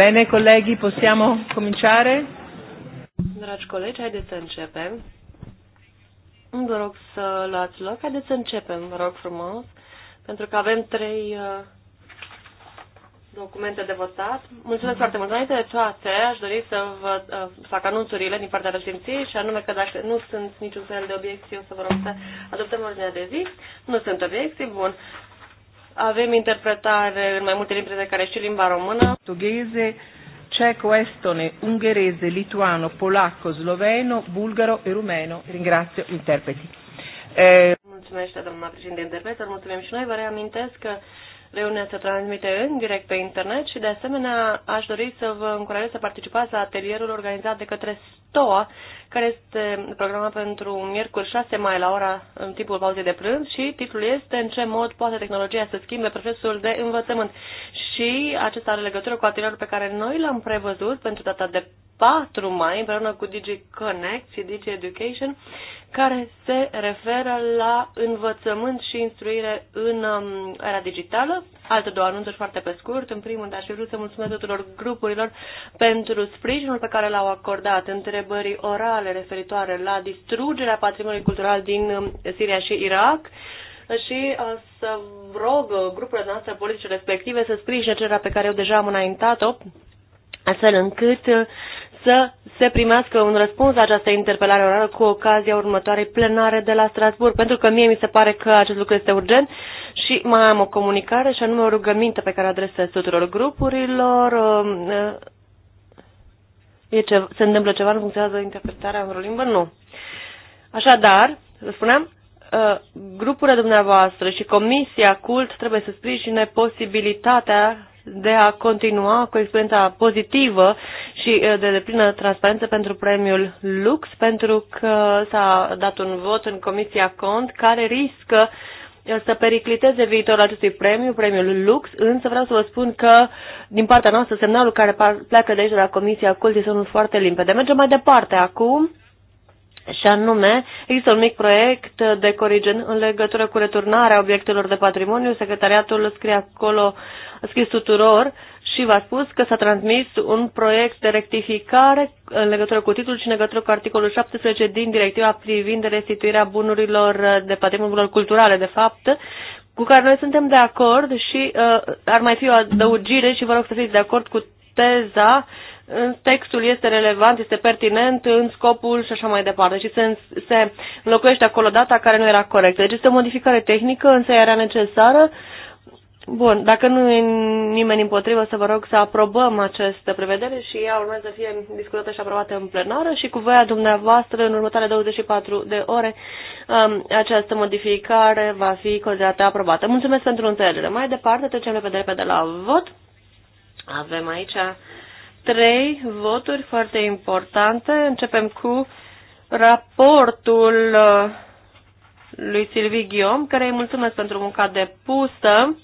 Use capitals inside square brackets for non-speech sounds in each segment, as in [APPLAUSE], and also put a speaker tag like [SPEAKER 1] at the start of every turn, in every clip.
[SPEAKER 1] Bine, colegi, possiamo cominciare?
[SPEAKER 2] Dragi colegi, haideți să începem. Vă rog să luați loc. Haideți să începem, vă rog frumos, pentru că avem trei uh, documente de votat. Mulțumesc foarte mult. Înainte de toate, aș dori să vă uh, fac anunțurile din partea președinției și anume că dacă nu sunt niciun fel de obiecții, o să vă rog să adoptăm ordinea de zi. Nu sunt obiecții, bun. Avem interpretare în mai multe limbi de care și limba română.
[SPEAKER 1] Portugheze, ceco, estone, ungherese, lituano, polacco, sloveno, bulgaro e rumeno. Ringrazio interpreti. E... Eh,
[SPEAKER 2] Mulțumesc, doamna președinte interpretă, mulțumim și noi. Vă reamintesc că Reuniunea se transmite în direct pe internet și, de asemenea, aș dori să vă încurajez să participați la atelierul organizat de către STOA, care este programat pentru miercuri 6 mai la ora în timpul pauzei de prânz și titlul este În ce mod poate tehnologia să schimbe procesul de învățământ și acesta are legătură cu atelierul pe care noi l-am prevăzut pentru data de 4 mai, împreună cu Digi Connect și Digi Education, care se referă la învățământ și instruire în um, era digitală. Alte două anunțuri foarte pe scurt. În primul rând, aș vrea să mulțumesc tuturor grupurilor pentru sprijinul pe care l-au acordat întrebării orale referitoare la distrugerea patrimoniului cultural din um, Siria și Irak și uh, să rog uh, grupurile noastre politice respective să sprijine cererea pe care eu deja am înaintat-o, astfel încât uh, să se primească un răspuns la această interpelare orală cu ocazia următoarei plenare de la Strasburg, pentru că mie mi se pare că acest lucru este urgent și mai am o comunicare și anume o rugăminte pe care o adresez tuturor grupurilor. Um, e ce, se întâmplă ceva, nu funcționează interpretarea în limbă? Nu. Așadar, spuneam, Uh, grupurile dumneavoastră și Comisia CULT trebuie să sprijine posibilitatea de a continua cu experiența pozitivă și uh, de deplină transparență pentru premiul Lux, pentru că s-a dat un vot în Comisia Cont care riscă uh, să pericliteze viitorul acestui premiu, premiul Lux, însă vreau să vă spun că, din partea noastră, semnalul care pleacă de aici de la Comisia Cult este unul foarte limpede. Mergem mai departe acum și anume, există un mic proiect de corigen în legătură cu returnarea obiectelor de patrimoniu. Secretariatul scrie acolo, a scris tuturor și v-a spus că s-a transmis un proiect de rectificare în legătură cu titlul și în legătură cu articolul 17 din directiva privind restituirea bunurilor de patrimoniu culturale, de fapt, cu care noi suntem de acord și uh, ar mai fi o adăugire și vă rog să fiți de acord cu teza textul este relevant, este pertinent în scopul și așa mai departe. Și se, se înlocuiește acolo data care nu era corectă. Deci este o modificare tehnică, însă era necesară. Bun, dacă nu e nimeni împotrivă, să vă rog să aprobăm această prevedere și ea urmează să fie discutată și aprobată în plenară și cu voia dumneavoastră, în următoarele 24 de ore, um, această modificare va fi considerată aprobată. Mulțumesc pentru înțelegere. Mai departe, trecem repede, de la vot. Avem aici trei voturi foarte importante. Începem cu raportul uh, lui Silvi Ghiom, care îi mulțumesc pentru munca depusă,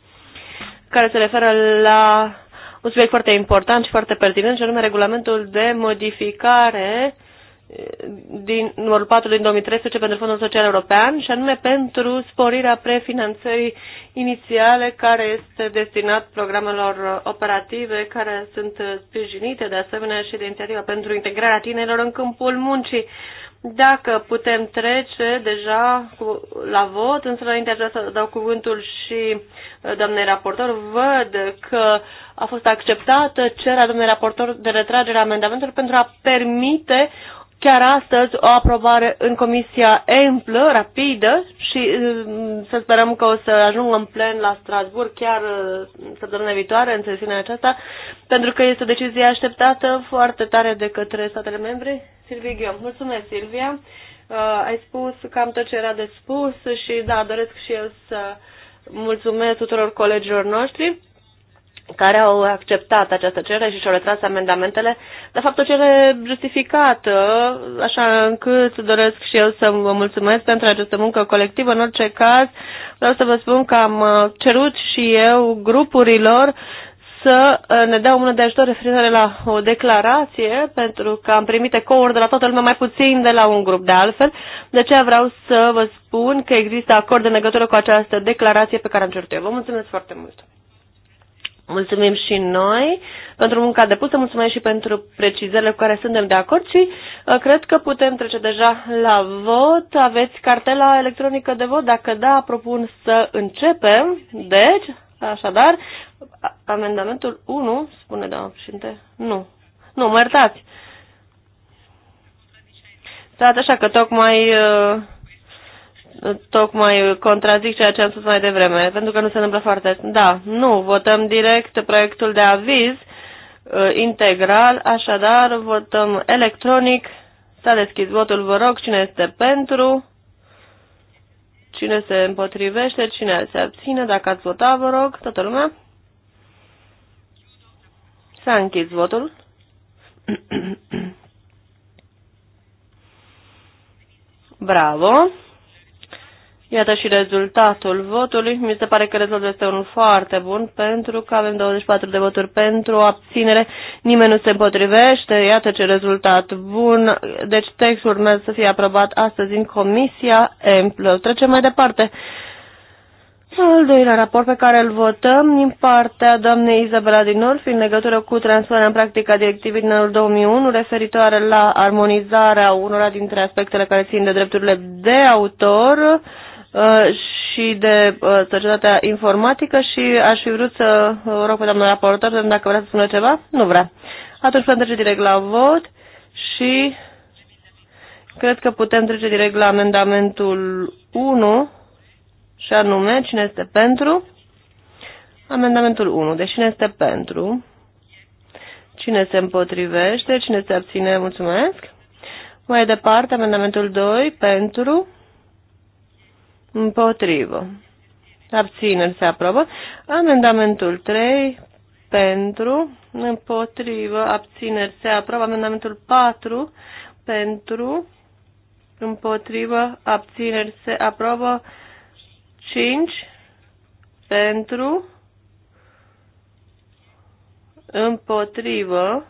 [SPEAKER 2] care se referă la un subiect foarte important și foarte pertinent, și anume regulamentul de modificare din numărul 4 din 2013 pentru Fondul Social European și anume pentru sporirea prefinanțării inițiale care este destinat programelor operative care sunt sprijinite de asemenea și de inițiativa pentru integrarea tinerilor în câmpul muncii. Dacă putem trece deja cu, la vot, însă înainte aș vrea să dau cuvântul și uh, doamnei raportor. Văd că a fost acceptată cererea doamnei raportor de retragere a amendamentelor pentru a permite chiar astăzi o aprobare în Comisia amplă, rapidă, și uh, să sperăm că o să ajungă în plen la Strasburg chiar uh, săptămâna viitoare, în sesiunea aceasta, pentru că este o decizie așteptată foarte tare de către statele membre. Silvia Ghiom, mulțumesc, Silvia. Uh, ai spus cam tot ce era de spus și da, doresc și eu să mulțumesc tuturor colegilor noștri care au acceptat această cerere și și-au retras amendamentele, de fapt o cerere justificată, uh, așa încât doresc și eu să vă mulțumesc pentru această muncă colectivă. În orice caz, vreau să vă spun că am uh, cerut și eu grupurilor să uh, ne dea o mână de ajutor referitoare la o declarație, pentru că am primit ecouri de la toată lumea, mai puțin de la un grup de altfel. De aceea vreau să vă spun că există acord în legătură cu această declarație pe care am cerut eu. Vă mulțumesc foarte mult! Mulțumim și noi pentru munca depusă, mulțumim și pentru precizările cu care suntem de acord și uh, cred că putem trece deja la vot. Aveți cartela electronică de vot? Dacă da, propun să începem. Deci, așadar, amendamentul 1, spune doamna președinte, nu. Nu, mă iertați. Stați așa că tocmai... Uh, tocmai contrazic ceea ce am spus mai devreme, pentru că nu se întâmplă foarte... Da, nu, votăm direct proiectul de aviz uh, integral, așadar votăm electronic. S-a deschis votul, vă rog, cine este pentru, cine se împotrivește, cine se abține, dacă ați votat, vă rog, toată lumea. S-a închis votul. [CLEARS THROAT] Bravo! Iată și rezultatul votului. Mi se pare că rezultatul este unul foarte bun pentru că avem 24 de voturi pentru abținere. Nimeni nu se împotrivește. Iată ce rezultat bun. Deci textul urmează să fie aprobat astăzi în Comisia Emplă. Trecem mai departe. Al doilea raport pe care îl votăm din partea doamnei Izabela din Urfi în legătură cu transferarea în a directivei din anul 2001 referitoare la armonizarea unora dintre aspectele care țin de drepturile de autor. Uh, și de uh, societatea informatică și aș fi vrut să uh, rog pe doamna raportor dacă vrea să spună ceva. Nu vrea. Atunci putem trece direct la vot și cred că putem trece direct la amendamentul 1 și anume cine este pentru. Amendamentul 1. Deci cine este pentru? Cine se împotrivește? Cine se abține? Mulțumesc. Mai departe, amendamentul 2. Pentru. Împotrivă. Abțineri se aprobă. Amendamentul 3 pentru. Împotrivă. Abțineri se aprobă. Amendamentul 4 pentru. Împotrivă. Abțineri se aprobă. 5 pentru. Împotrivă.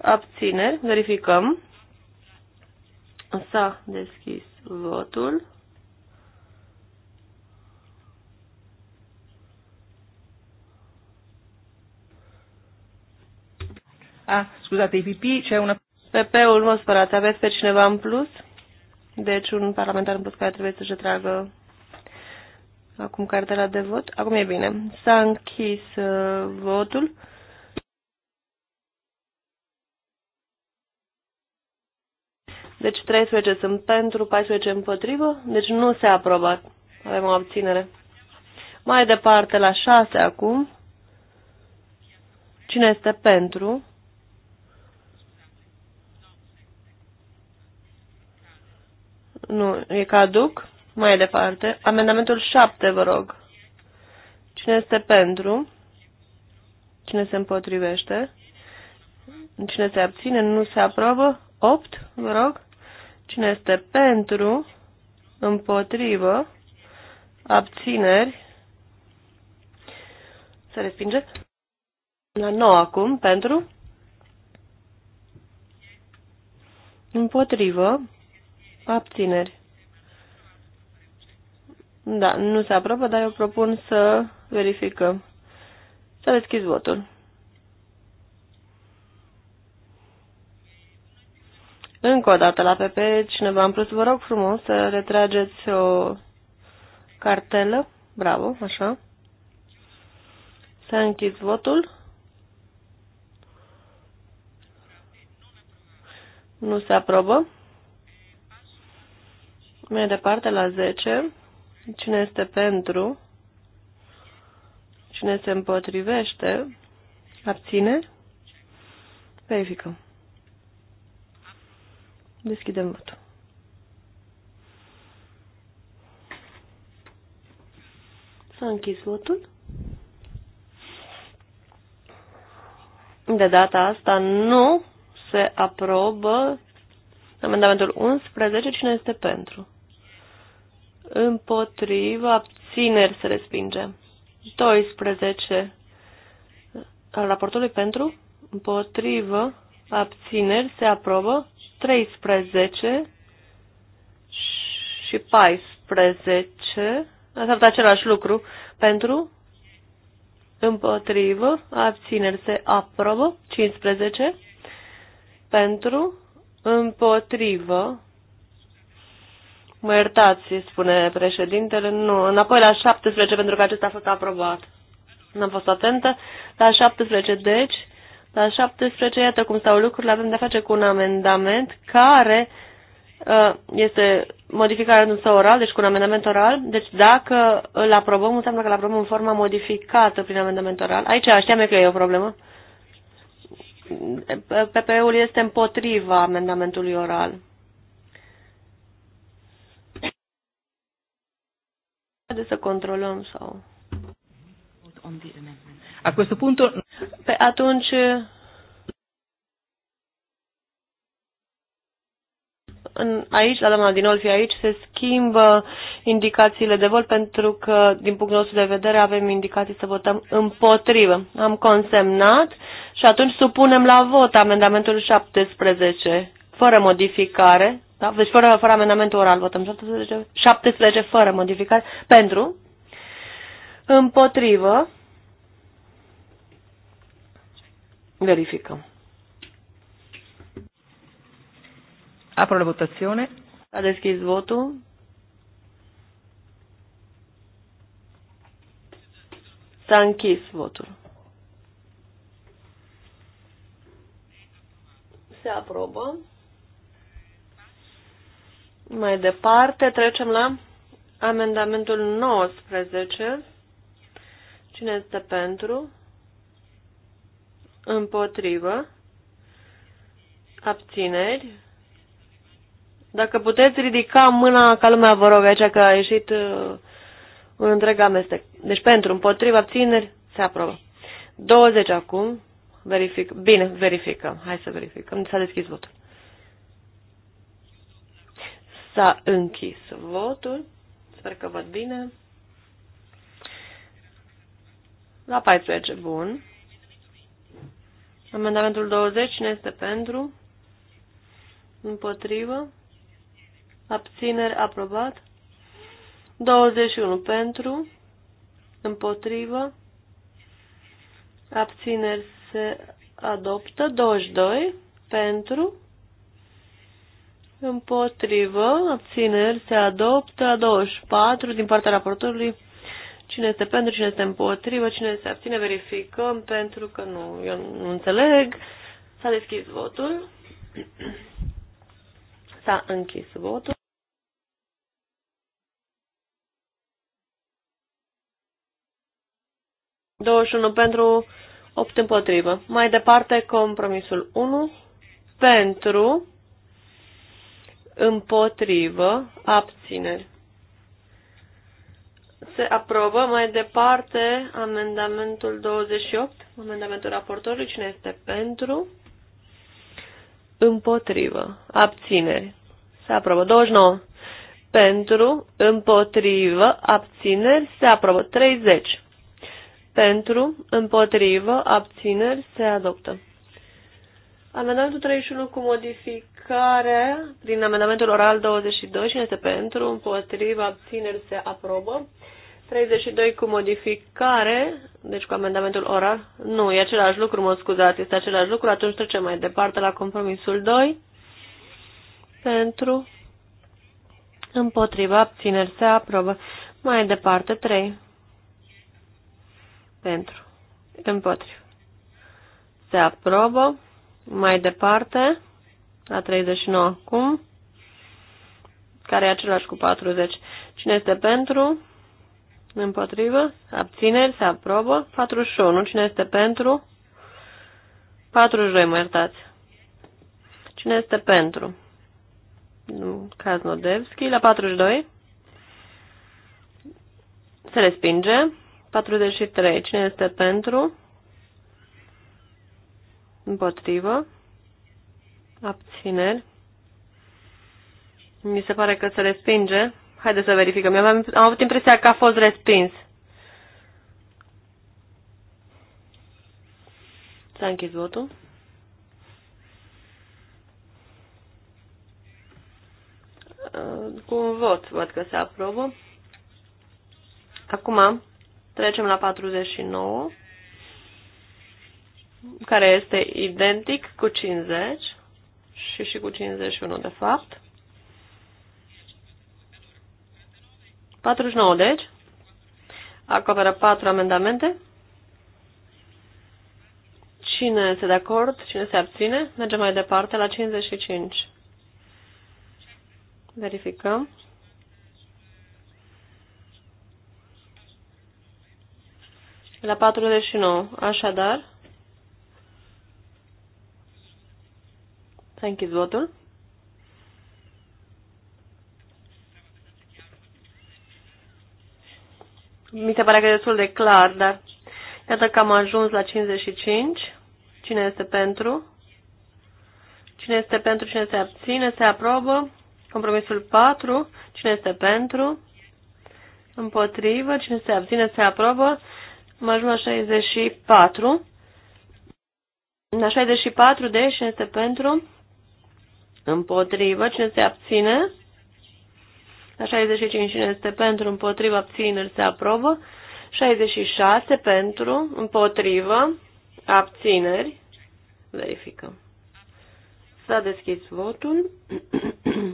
[SPEAKER 2] Abțineri. Verificăm. S-a deschis votul. Ah, scuzate, IPP, ce una... PP-ul, mă spărați, aveți pe cineva în plus? Deci un parlamentar în plus care trebuie să-și tragă acum cartela de vot. Acum e bine. S-a închis uh, votul. Deci 13 sunt pentru, 14 împotrivă, deci nu se aprobă. Avem o abținere. Mai departe, la 6 acum. Cine este pentru? Nu, e caduc. Mai departe. Amendamentul 7, vă rog. Cine este pentru? Cine se împotrivește? Cine se abține? Nu se aprobă? 8, vă rog. Cine este pentru? Împotrivă? Abțineri? Se respinge? La 9 acum, pentru? Împotrivă? Abțineri. Da, nu se aprobă, dar eu propun să verificăm. Să deschis votul. Încă o dată la PP, cineva în plus, vă rog frumos să retrageți o cartelă. Bravo, așa. S-a închis votul. Nu se aprobă. Mai departe, la 10, cine este pentru, cine se împotrivește, abține, verificăm. Deschidem votul. S-a închis votul. De data asta nu se aprobă amendamentul 11. Cine este pentru? împotrivă, abțineri se respinge. 12 al raportului pentru, împotrivă, abțineri se aprobă. 13 și 14, înseamnă același lucru, pentru, împotrivă, abțineri se aprobă. 15 pentru, împotrivă, Mă iertați, spune președintele. Nu, înapoi la 17, pentru că acesta a fost aprobat. N-am fost atentă. La 17, deci, la 17, iată cum stau lucrurile, avem de-a face cu un amendament care uh, este modificarea în său oral, deci cu un amendament oral. Deci dacă îl aprobăm, înseamnă că îl aprobăm în forma modificată prin amendament oral. Aici știam că e o problemă. PPE-ul este împotriva amendamentului oral. de să controlăm sau... A questo punto... Pe atunci... În, aici, la doamna Dinolfi, aici se schimbă indicațiile de vot pentru că, din punctul nostru de vedere, avem indicații să votăm împotrivă. Am consemnat și atunci supunem la vot amendamentul 17, fără modificare, da? Deci fără, fără amendamentul oral votăm 17, 17 fără modificare. Pentru.
[SPEAKER 1] Împotrivă. Verificăm. Apro la votazione. a
[SPEAKER 2] deschis votul. S-a închis votul. Se aprobă. Mai departe trecem la amendamentul 19. Cine este pentru? Împotrivă. Abțineri. Dacă puteți ridica mâna ca lumea, vă rog, aici că a ieșit uh, un întreg amestec. Deci pentru, împotriva, abțineri, se aprobă. 20 acum. Verific. Bine, verificăm. Hai să verificăm. S-a deschis votul. S-a închis votul. Sper că văd bine. La 14, bun. Amendamentul 20, cine este pentru? Împotrivă. Abțineri, aprobat. 21 pentru. Împotrivă. Abțineri se adoptă. 22 pentru. Împotrivă, abțineri, se adoptă 24 din partea raportorului. Cine este pentru, cine este împotrivă, cine se abține, verificăm, pentru că nu, eu nu înțeleg. S-a deschis votul. [CLEARS THROAT] S-a închis votul. unu pentru 8 împotrivă. Mai departe, compromisul 1 pentru împotrivă, abțineri. Se aprobă mai departe amendamentul 28, amendamentul raportorului, cine este pentru, împotrivă, abțineri. Se aprobă 29, pentru, împotrivă, abțineri, se aprobă 30. Pentru, împotrivă, abțineri, se adoptă. Amendamentul 31 cu modific care, prin amendamentul oral 22, cine este pentru, împotriva, abțineri, se aprobă. 32 cu modificare, deci cu amendamentul oral. Nu, e același lucru, mă scuzați, este același lucru. Atunci trecem mai departe la compromisul 2. Pentru, împotriva, abțineri, se aprobă. Mai departe, 3. Pentru, împotriva. Se aprobă. Mai departe, la 39 acum, care e același cu 40. Cine este pentru? Împotrivă? Abțineri? Se aprobă? 41. Cine este pentru? 42, mă iertați. Cine este pentru? Kaznodevski la 42. Se respinge. 43. Cine este pentru? Împotrivă. Abțineri. Mi se pare că se respinge. Haideți să verificăm. Eu am, am avut impresia că a fost respins. S-a închis votul. Cu un vot văd că se aprobă. Acum trecem la 49, care este identic cu 50 și și cu 51 de fapt. 49, deci, acoperă 4 amendamente. Cine este de acord? Cine se abține? Mergem mai departe la 55. Verificăm. La 49. Așadar, Thank you, Zvotul. votul. Mi se pare că e destul de clar, dar iată că am ajuns la 55. Cine este pentru? Cine este pentru? Cine se abține? Se aprobă. Compromisul 4. Cine este pentru? Împotrivă. Cine se abține? Se aprobă. Am ajuns la 64. La 64 de deci, cine este pentru? împotrivă, cine se abține? La 65 cine este pentru, împotrivă, abțineri se aprobă. 66 pentru, împotrivă, abțineri. Verificăm. S-a deschis votul.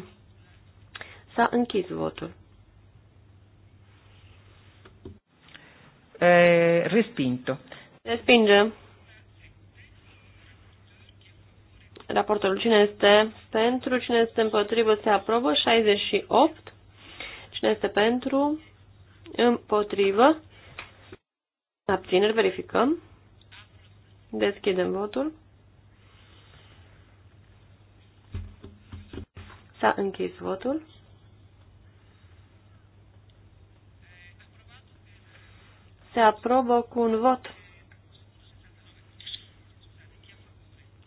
[SPEAKER 1] [CLEARS THROAT] S-a închis votul. Eh, respinto.
[SPEAKER 2] Respingem. Raportul cine este pentru, cine este împotrivă, se aprobă. 68. Cine este pentru, împotrivă. Abțineri, verificăm. Deschidem votul. S-a închis votul. Se aprobă cu un vot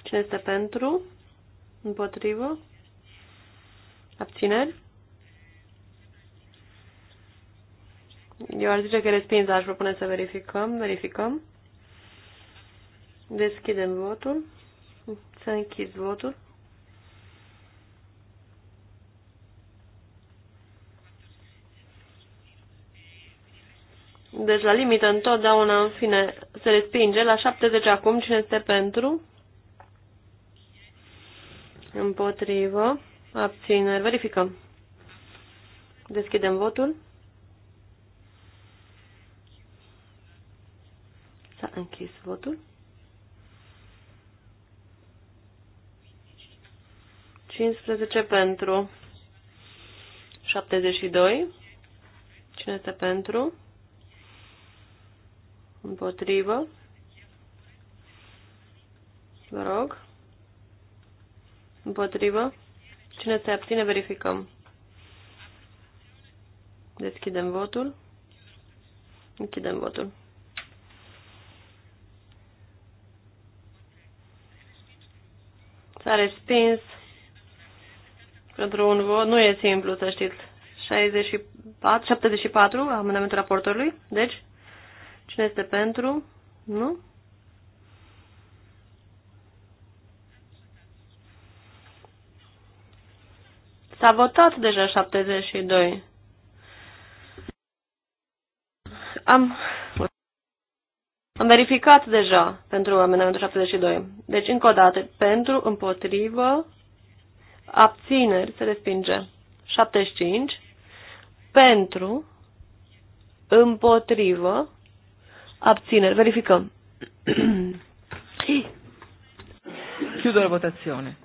[SPEAKER 2] Cine este pentru? Împotrivă? Abțineri? Eu ar zice că respins, aș propune să verificăm. Verificăm. Deschidem votul. Să închid votul. Deci la limită întotdeauna, în fine, se respinge. La 70 acum, cine este pentru? Împotrivă. Abțineri. Verificăm. Deschidem votul. S-a închis votul. 15 pentru. 72. Cine este pentru? Împotrivă. Vă rog. Împotrivă? Cine se abține, verificăm. Deschidem votul. Închidem votul. S-a respins pentru un vot. Nu e simplu, să știți. 64, 74, amendamentul raportorului. Deci, cine este pentru? Nu? S-a votat deja 72. Am, am verificat deja pentru amendamentul 72. Deci, încă o dată, pentru, împotrivă, abțineri, se respinge. 75. Pentru, împotrivă, abțineri. Verificăm. Chiudo la votazione.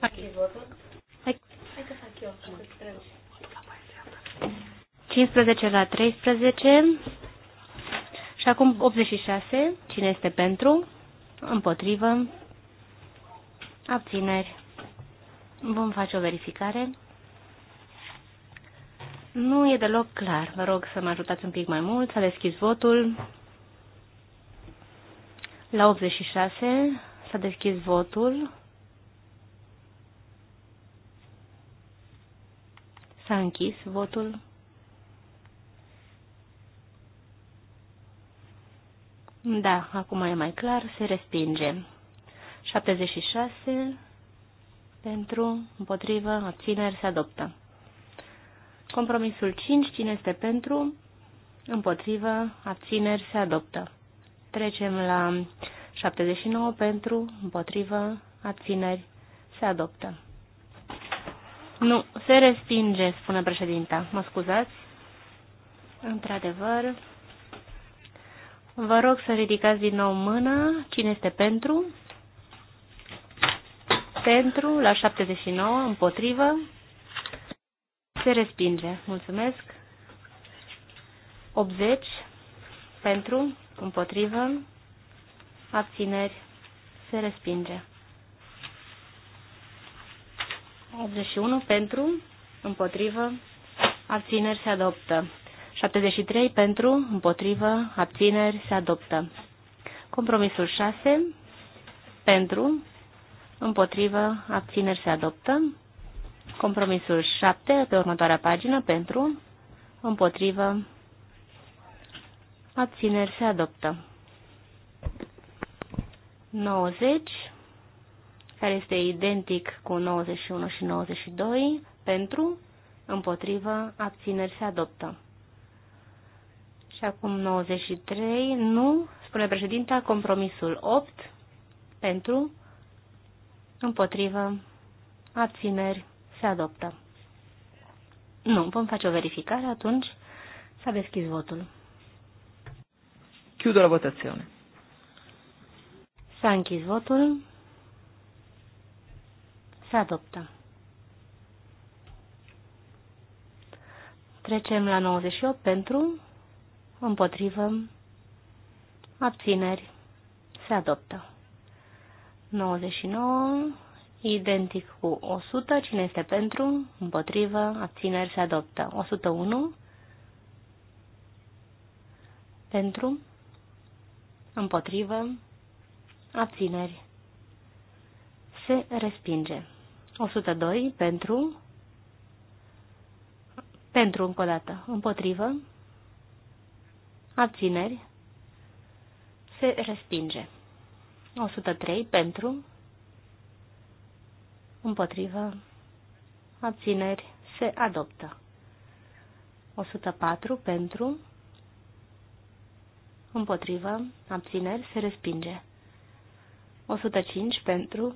[SPEAKER 3] Hai că 15 la 13. Și acum 86. Cine este pentru? Împotrivă. Abțineri. Vom face o verificare. Nu e deloc clar. Vă rog să mă ajutați un pic mai mult. S-a deschis votul. La 86 s-a deschis votul. S-a închis votul. Da, acum e mai clar, se respinge. 76 pentru, împotrivă, abțineri, se adoptă. Compromisul 5, cine este pentru, împotrivă, abțineri, se adoptă. Trecem la 79 pentru, împotrivă, abțineri, se adoptă. Nu, se respinge, spune președinta. Mă scuzați? Într-adevăr. Vă rog să ridicați din nou mâna. Cine este pentru? Pentru, la 79, împotrivă. Se respinge. Mulțumesc. 80, pentru, împotrivă, abțineri, se respinge. 81 pentru, împotrivă, abțineri se adoptă. 73 pentru, împotrivă, abțineri se adoptă. Compromisul 6 pentru, împotrivă, abțineri se adoptă. Compromisul 7 pe următoarea pagină pentru, împotrivă, abțineri se adoptă. 90 care este identic cu 91 și 92, pentru, împotrivă, abțineri se adoptă. Și acum 93, nu, spune președinta, compromisul 8, pentru, împotrivă, abțineri se adoptă. Nu, vom face o verificare, atunci s-a deschis
[SPEAKER 1] votul. Chiudă la votație.
[SPEAKER 3] S-a închis votul. Se adoptă. Trecem la 98 pentru, împotrivă, abțineri, se adoptă. 99, identic cu 100, cine este pentru, împotrivă, abțineri, se adoptă. 101, pentru, împotrivă, abțineri, se respinge. 102 pentru, pentru încă o dată, împotrivă, abțineri, se respinge. 103 pentru, împotrivă, abțineri, se adoptă. 104 pentru, împotrivă, abțineri, se respinge. 105 pentru,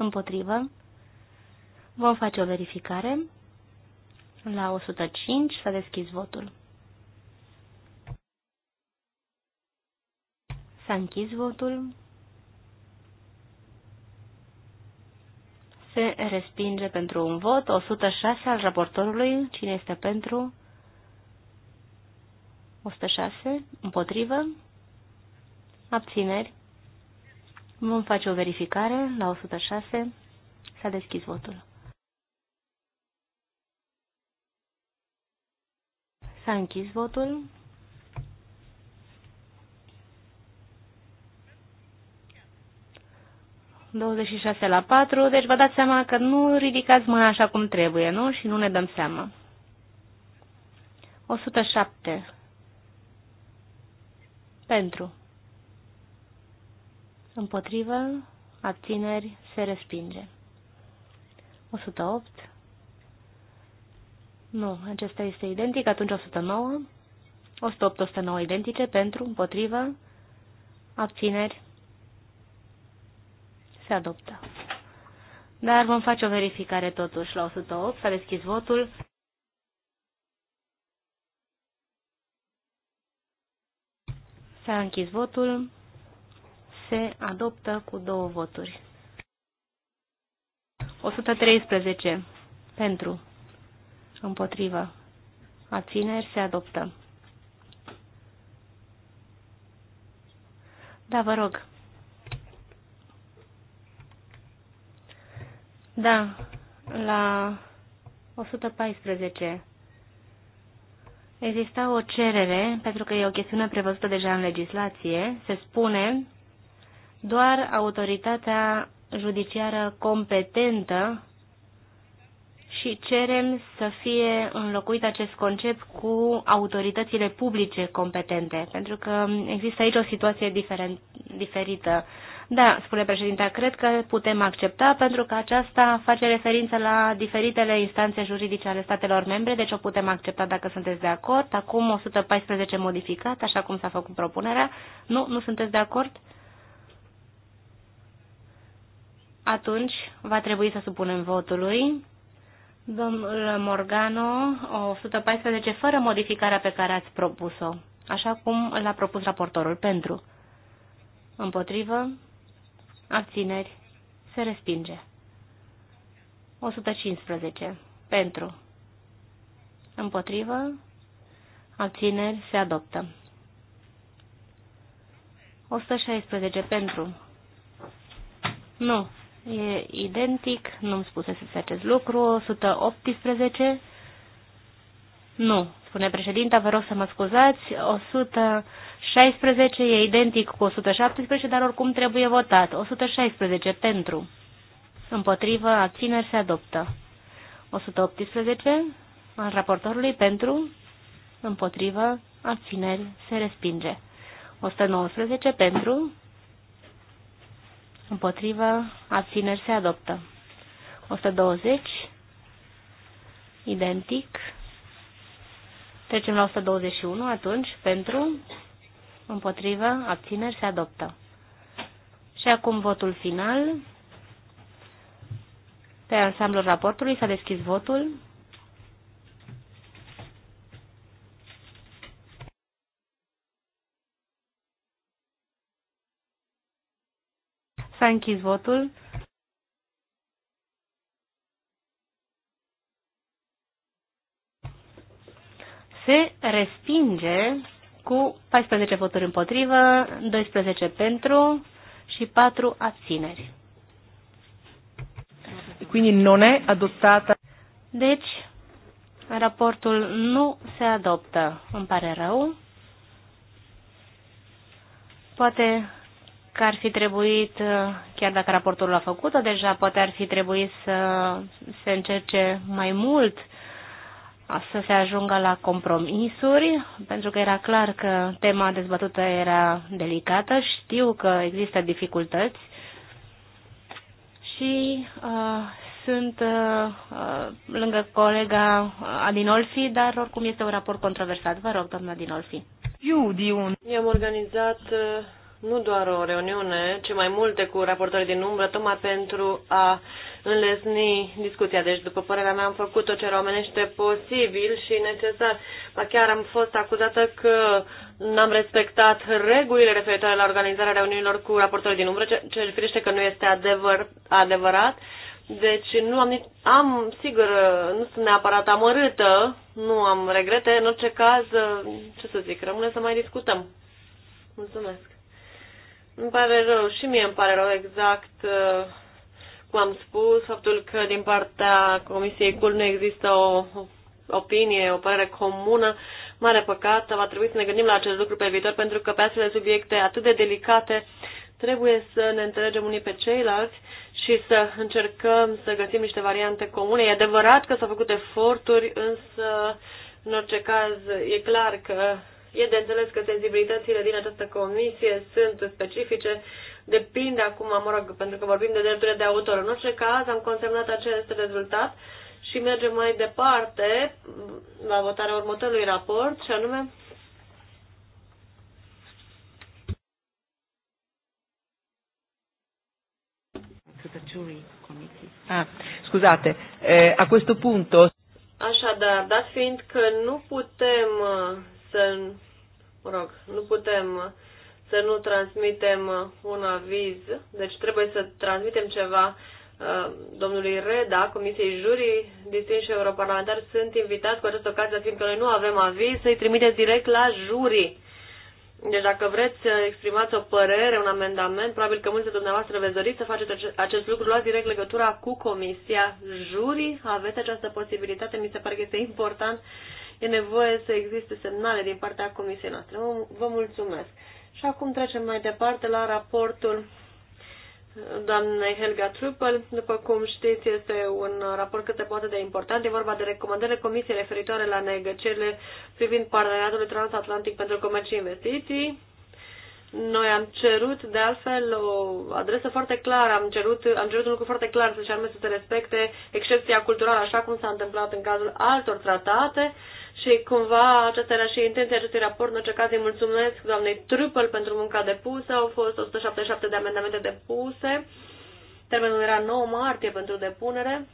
[SPEAKER 3] Împotrivă. Vom face o verificare. La 105 s-a deschis votul. S-a închis votul. Se respinge pentru un vot. 106 al raportorului. Cine este pentru? 106. Împotrivă. Abțineri. Vom face o verificare la 106. S-a deschis votul. S-a închis votul. ...26 la 4, deci vă dați seama că nu ridicați mâna așa cum trebuie, nu? Și nu ne dăm seama. 107. Pentru împotrivă, abțineri, se respinge. 108. Nu, acesta este identic, atunci 109. 108-109 identice, pentru, împotrivă, abțineri, se adoptă. Dar vom face o verificare totuși la 108, s-a deschis votul. S-a închis votul se adoptă cu două voturi. 113. Pentru. Împotrivă. Abțineri se adoptă. Da, vă rog. Da, la 114. Exista o cerere, pentru că e o chestiune prevăzută deja în legislație, se spune doar autoritatea judiciară competentă și cerem să fie înlocuit acest concept cu autoritățile publice competente, pentru că există aici o situație diferent, diferită. Da, spune președinta, cred că putem accepta pentru că aceasta face referință la diferitele instanțe juridice ale statelor membre, deci o putem accepta dacă sunteți de acord. Acum 114 modificat, așa cum s-a făcut propunerea. Nu, nu sunteți de acord? atunci va trebui să supunem votului. Domnul Morgano, 114 fără modificarea pe care ați propus-o, așa cum l-a propus raportorul pentru. Împotrivă, abțineri, se respinge. 115. Pentru. Împotrivă, abțineri, se adoptă. 116. Pentru. Nu, e identic, nu-mi se acest lucru, 118, nu, spune președinta, vă rog să mă scuzați, 116 e identic cu 117, dar oricum trebuie votat, 116 pentru, împotrivă, abțineri, se adoptă, 118 al raportorului pentru, împotrivă, abțineri, se respinge, 119 pentru, împotrivă, abțineri se adoptă. 120, identic. Trecem la 121, atunci, pentru, împotrivă, abțineri se adoptă. Și acum votul final. Pe ansamblul raportului s-a deschis votul.
[SPEAKER 2] a închis votul.
[SPEAKER 3] Se respinge cu 14 voturi împotrivă, 12 pentru și 4 abțineri. Quindi non è adottata. Deci, raportul nu se adoptă. Îmi pare rău. Poate că ar fi trebuit, uh, chiar dacă raportorul a făcut-o deja, poate ar fi trebuit să se încerce mai mult să se ajungă la compromisuri, pentru că era clar că tema dezbătută era delicată, știu că există dificultăți și uh, sunt uh, uh lângă colega uh, Adinolfi, dar oricum este un raport controversat. Vă rog, doamna Adinolfi. Eu, Dion.
[SPEAKER 2] I-am organizat nu doar o reuniune, ci mai multe cu raportori din umbră, tocmai pentru a înlesni discuția. Deci, după părerea mea, am făcut tot ce era omenește posibil și necesar. Ba chiar am fost acuzată că n-am respectat regulile referitoare la organizarea reuniunilor cu raportori din umbră, ce, referiște că nu este adevăr, adevărat. Deci nu am nici, am, sigur, nu sunt neapărat amărâtă, nu am regrete, în orice caz, ce să zic, rămâne să mai discutăm. Mulțumesc. Îmi pare rău, și mie îmi pare rău exact uh, cum am spus, faptul că din partea Comisiei CUL nu există o opinie, o părere comună, mare păcat, va trebui să ne gândim la acest lucru pe viitor, pentru că pe astfel de subiecte atât de delicate trebuie să ne înțelegem unii pe ceilalți și să încercăm să găsim niște variante comune. E adevărat că s-au făcut eforturi, însă, în orice caz, e clar că E de înțeles că sensibilitățile din această comisie sunt specifice, depinde acum, mă rog, pentru că vorbim de drepturile de autor. În orice caz, am consemnat acest rezultat și mergem mai departe la votarea următorului raport, și anume
[SPEAKER 1] Ah, scuzate, eh, a questo punto...
[SPEAKER 2] Așadar, dat fiind că nu putem să, mă rog, nu putem să nu transmitem un aviz, deci trebuie să transmitem ceva uh, domnului Reda, Comisiei Jurii, distinși europarlamentari, sunt invitați cu această ocazie, fiindcă noi nu avem aviz, să-i trimiteți direct la jurii. Deci dacă vreți să exprimați o părere, un amendament, probabil că mulți de dumneavoastră veți dori să faceți acest lucru, luați direct legătura cu Comisia Jurii, aveți această posibilitate, mi se pare că este important e nevoie să existe semnale din partea comisiei noastre. Vă mulțumesc. Și acum trecem mai departe la raportul doamnei Helga Truppel. După cum știți, este un raport cât se poate de important. E vorba de recomandările Comisiei referitoare la negocierile privind parteneriatul transatlantic pentru comerț și investiții. Noi am cerut, de altfel, o adresă foarte clară, am cerut, am cerut un lucru foarte clar, să și anume să se respecte excepția culturală, așa cum s-a întâmplat în cazul altor tratate. Uh, și cumva aceasta era și intenția acestui raport. În orice caz îi mulțumesc doamnei Trupel pentru munca depusă. Au fost 177 de amendamente depuse. Termenul era 9 martie pentru depunere.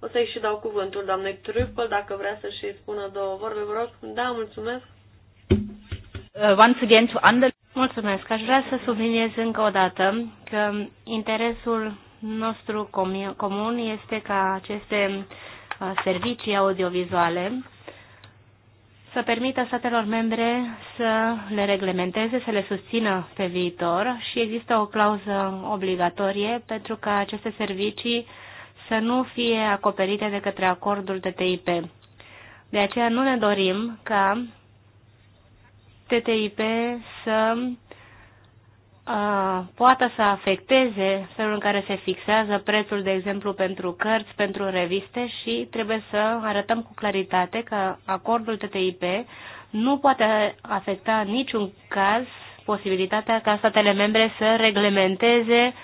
[SPEAKER 2] O să-i și dau cuvântul doamnei Trupel dacă vrea să-și spună două vorbe, vă rog. Da, mulțumesc.
[SPEAKER 3] Uh, once again to under... Mulțumesc. Aș vrea să subliniez încă o dată că interesul nostru comun este ca aceste uh, servicii audiovizuale să permită statelor membre să le reglementeze, să le susțină pe viitor și există o clauză obligatorie pentru ca aceste servicii să nu fie acoperite de către acordul TIP. De aceea nu ne dorim ca TTIP să poată să afecteze felul în care se fixează prețul, de exemplu, pentru cărți, pentru reviste și trebuie să arătăm cu claritate că acordul TTIP nu poate afecta în niciun caz posibilitatea ca statele membre să reglementeze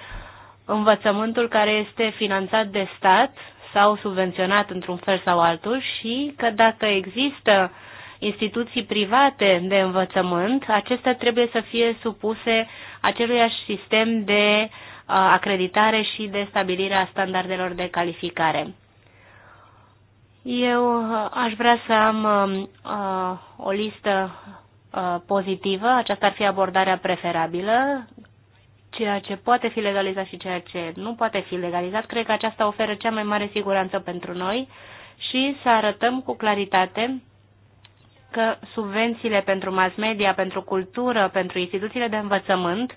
[SPEAKER 3] învățământul care este finanțat de stat sau subvenționat într-un fel sau altul și că dacă există instituții private de învățământ, acestea trebuie să fie supuse uh, aceluiași sistem de uh, acreditare și de stabilire a standardelor de calificare. Eu uh, aș vrea să am um, uh, o listă uh, pozitivă, aceasta ar fi abordarea preferabilă, ceea ce poate fi legalizat și ceea ce nu poate fi legalizat. Cred că aceasta oferă cea mai mare siguranță pentru noi și să arătăm cu claritate că subvențiile pentru mass media, pentru cultură, pentru instituțiile de învățământ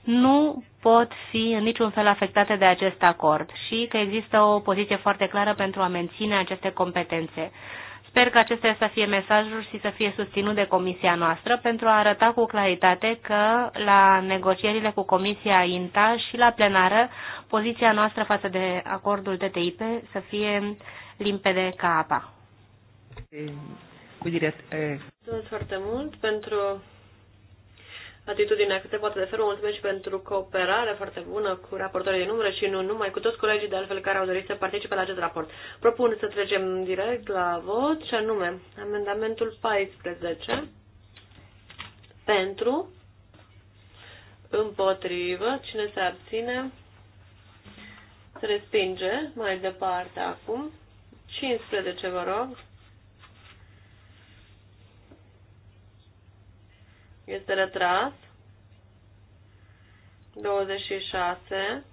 [SPEAKER 3] nu pot fi în niciun fel afectate de acest acord și că există o poziție foarte clară pentru a menține aceste competențe. Sper că acesta să fie mesajul și să fie susținut de comisia noastră pentru a arăta cu claritate că la negocierile cu comisia INTA și la plenară poziția noastră față de acordul TTIP să fie limpede ca apa.
[SPEAKER 1] Mulțumesc
[SPEAKER 2] foarte mult pentru atitudinea câte poate de fermă. Mulțumesc și pentru cooperare foarte bună cu raportorii de numere și nu numai, cu toți colegii de altfel care au dorit să participe la acest raport. Propun să trecem direct la vot și anume amendamentul 14 pentru, împotrivă, cine se abține, se respinge mai departe acum. 15, vă rog. Este retras. 26.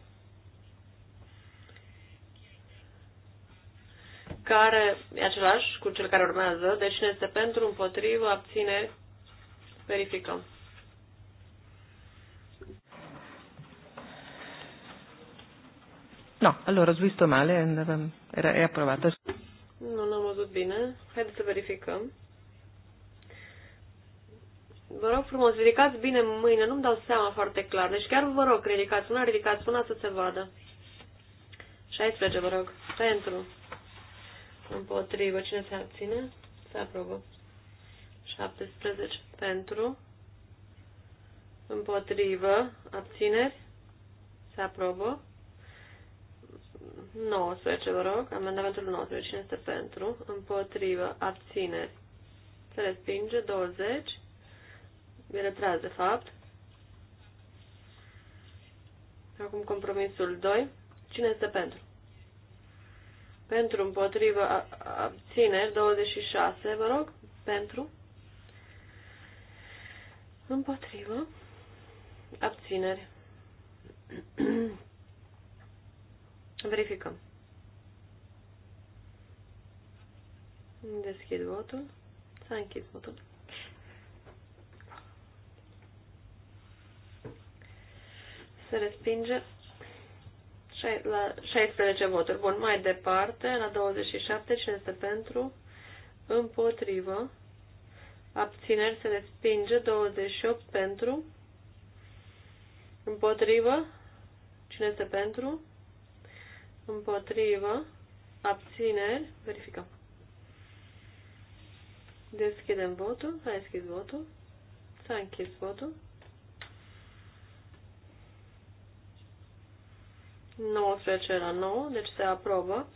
[SPEAKER 2] Care e același cu cel care urmează. Deci ne este pentru, împotrivă, abține, verificăm.
[SPEAKER 1] No, allora ho visto male, era, è approvata.
[SPEAKER 2] Non am văzut bine. Haideți să verificăm. Vă rog frumos, ridicați bine mâine, nu-mi dau seama foarte clar. Deci chiar vă rog, ridicați una, ridicați una să se vadă. 16, vă rog. Pentru. Împotrivă. Cine se abține? Se aprobă. 17. Pentru. Împotrivă. Abțineri. Se aprobă. 19, vă rog. Amendamentul 19. Cine este pentru? Împotrivă. Abțineri. Se respinge. 20 E retras, de fapt. Acum compromisul 2. Cine este pentru? Pentru, împotrivă, abțineri, 26, vă rog. Pentru. Împotrivă. Abțineri. [CLEARS THROAT] Verificăm. Deschid votul. S-a închis votul. se respinge la 16 voturi. Bun, mai departe, la 27, cine este pentru, împotrivă, abțineri se respinge, 28 pentru, împotrivă, cine este pentru, împotrivă, abțineri, verificăm. Deschidem votul, s-a deschis votul, s-a închis votul. 19 la 9, deci se aprobă.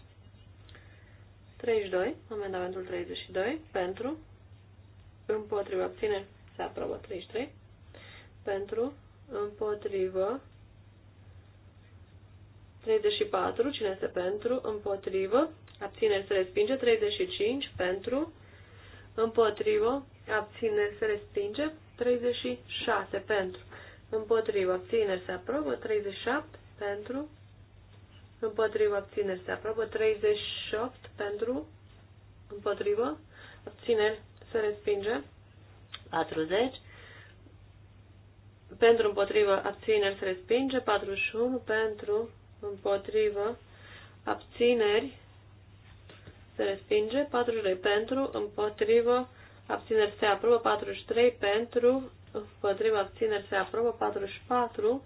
[SPEAKER 2] 32, amendamentul 32, pentru, împotriva, abține, se aprobă 33, pentru, împotrivă, 34, cine este pentru, împotrivă, abține, se respinge, 35, pentru, împotrivă, abține, se respinge, 36, pentru, împotrivă, abține, se aprobă, 37, pentru, împotrivă, abțineri se aprobă, 38 pentru, împotrivă, abțineri se respinge, 40 pentru, împotrivă, abțineri se respinge, 41 pentru, împotrivă, abțineri se respinge, 42 pentru, împotrivă, abțineri se aprobă, 43 pentru, împotrivă, abțineri se aprobă, 44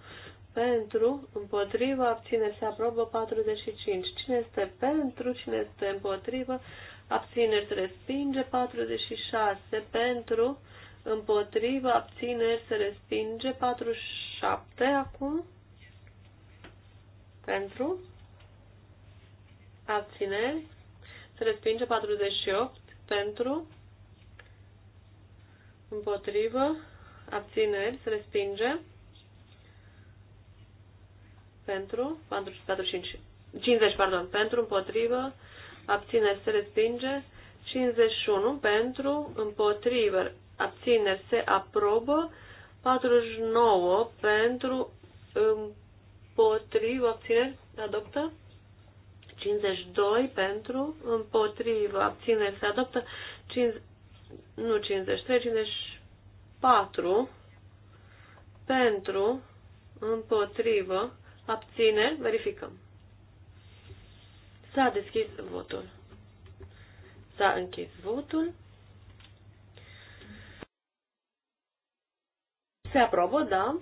[SPEAKER 2] pentru, împotriva, abține, se aprobă 45. Cine este pentru, cine este împotrivă, abțineri, se respinge 46. Pentru, împotriva, abțineri, se respinge 47. Acum, pentru, abțineri, se respinge 48. Pentru, împotrivă, abțineri, se respinge pentru, 45, 50, pardon, pentru, împotrivă, abțineri se respinge, 51 pentru, împotrivă, abțineri se aprobă, 49 pentru, împotrivă, abțineri, adoptă, 52 pentru, împotrivă, abțineri se adoptă, 5, nu 53, 54 pentru, împotrivă, Abțineri. Verificăm. S-a deschis votul. S-a închis votul. Se aprobă, da,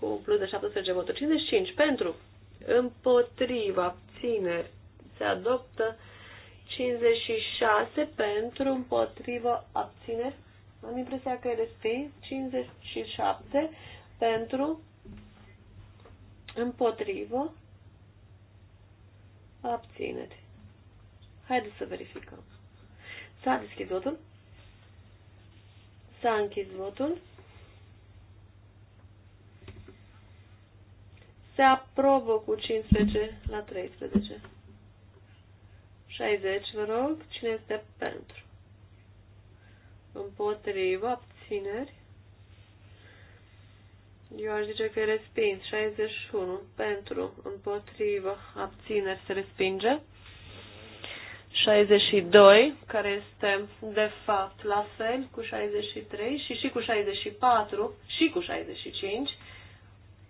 [SPEAKER 2] cu plus de 17 voturi. 55 pentru, împotriva, abțineri, se adoptă. 56 pentru, împotriva, abțineri. Am impresia că e respins. 57 pentru, Împotrivă. Abțineri. Haideți să verificăm. S-a deschis votul. S-a închis votul. Se aprobă cu 15 la 13. 60, vă rog, cine este pentru? Împotrivă, abțineri. Eu aș zice că e respins. 61 pentru, împotrivă, abțineri se respinge. 62, care este de fapt la fel cu 63 și și cu 64 și cu 65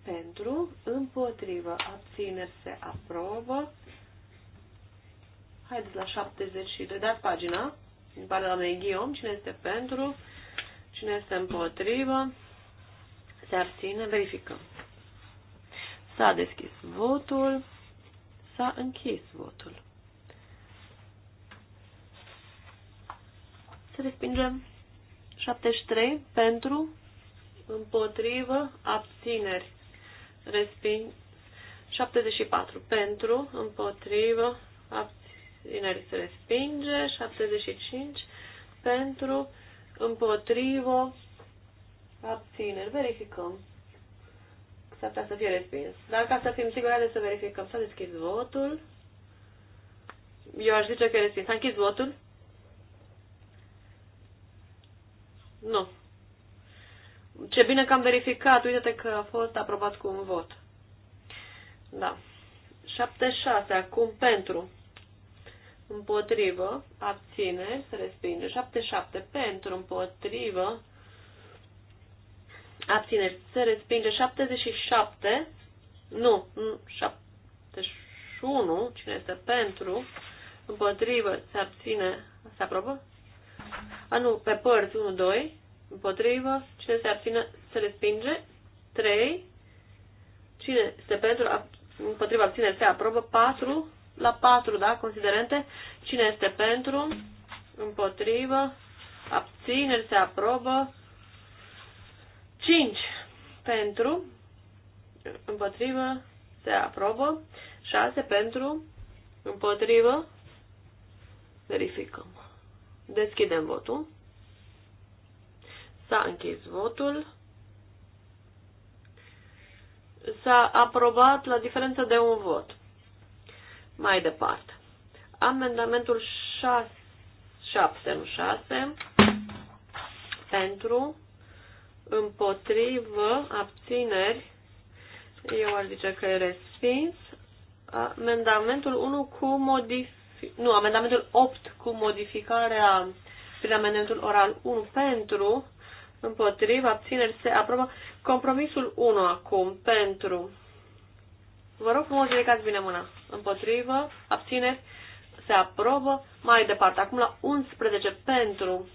[SPEAKER 2] pentru, împotrivă, abțineri se aprobă. Haideți la 72, dați pagina din partea doamnei Ghiom, cine este pentru, cine este împotrivă, se abține, verificăm. S-a deschis votul, s-a închis votul. Să respingem 73 pentru, împotrivă, abțineri. Resping 74 pentru, împotrivă, abțineri se respinge, 75 pentru, împotrivă, Abțineri. Verificăm. S-ar putea să fie respins. Dar ca să fim siguri, haideți să verificăm. S-a deschis votul. Eu aș zice că e respins. S-a închis votul? Nu. Ce bine că am verificat. Uite-te că a fost aprobat cu un vot. Da. 76. Acum pentru. Împotrivă. Abține. Se respinge. 77. Pentru. Împotrivă abțineri, se respinge 77, nu, 71, cine este pentru, împotrivă, se abține, se aprobă? A, nu, pe părți, 1, 2, împotrivă, cine se abține, se respinge, 3, cine este pentru, împotriva abțineri, se aprobă, 4, la 4, da, considerente, cine este pentru, împotrivă, abțineri, se aprobă, 5 pentru, împotrivă, se aprobă. 6 pentru, împotrivă, verificăm. Deschidem votul. S-a închis votul. S-a aprobat la diferență de un vot. Mai departe. Amendamentul 6, 7, nu 6, pentru, împotrivă, abțineri, eu ar zice că e respins, amendamentul 1 cu modific... nu, amendamentul 8 cu modificarea prin amendamentul oral 1 pentru, împotrivă, abțineri, se aprobă, compromisul 1 acum, pentru, vă rog frumos, ridicați bine mâna, împotrivă, abțineri, se aprobă, mai departe, acum la 11 pentru,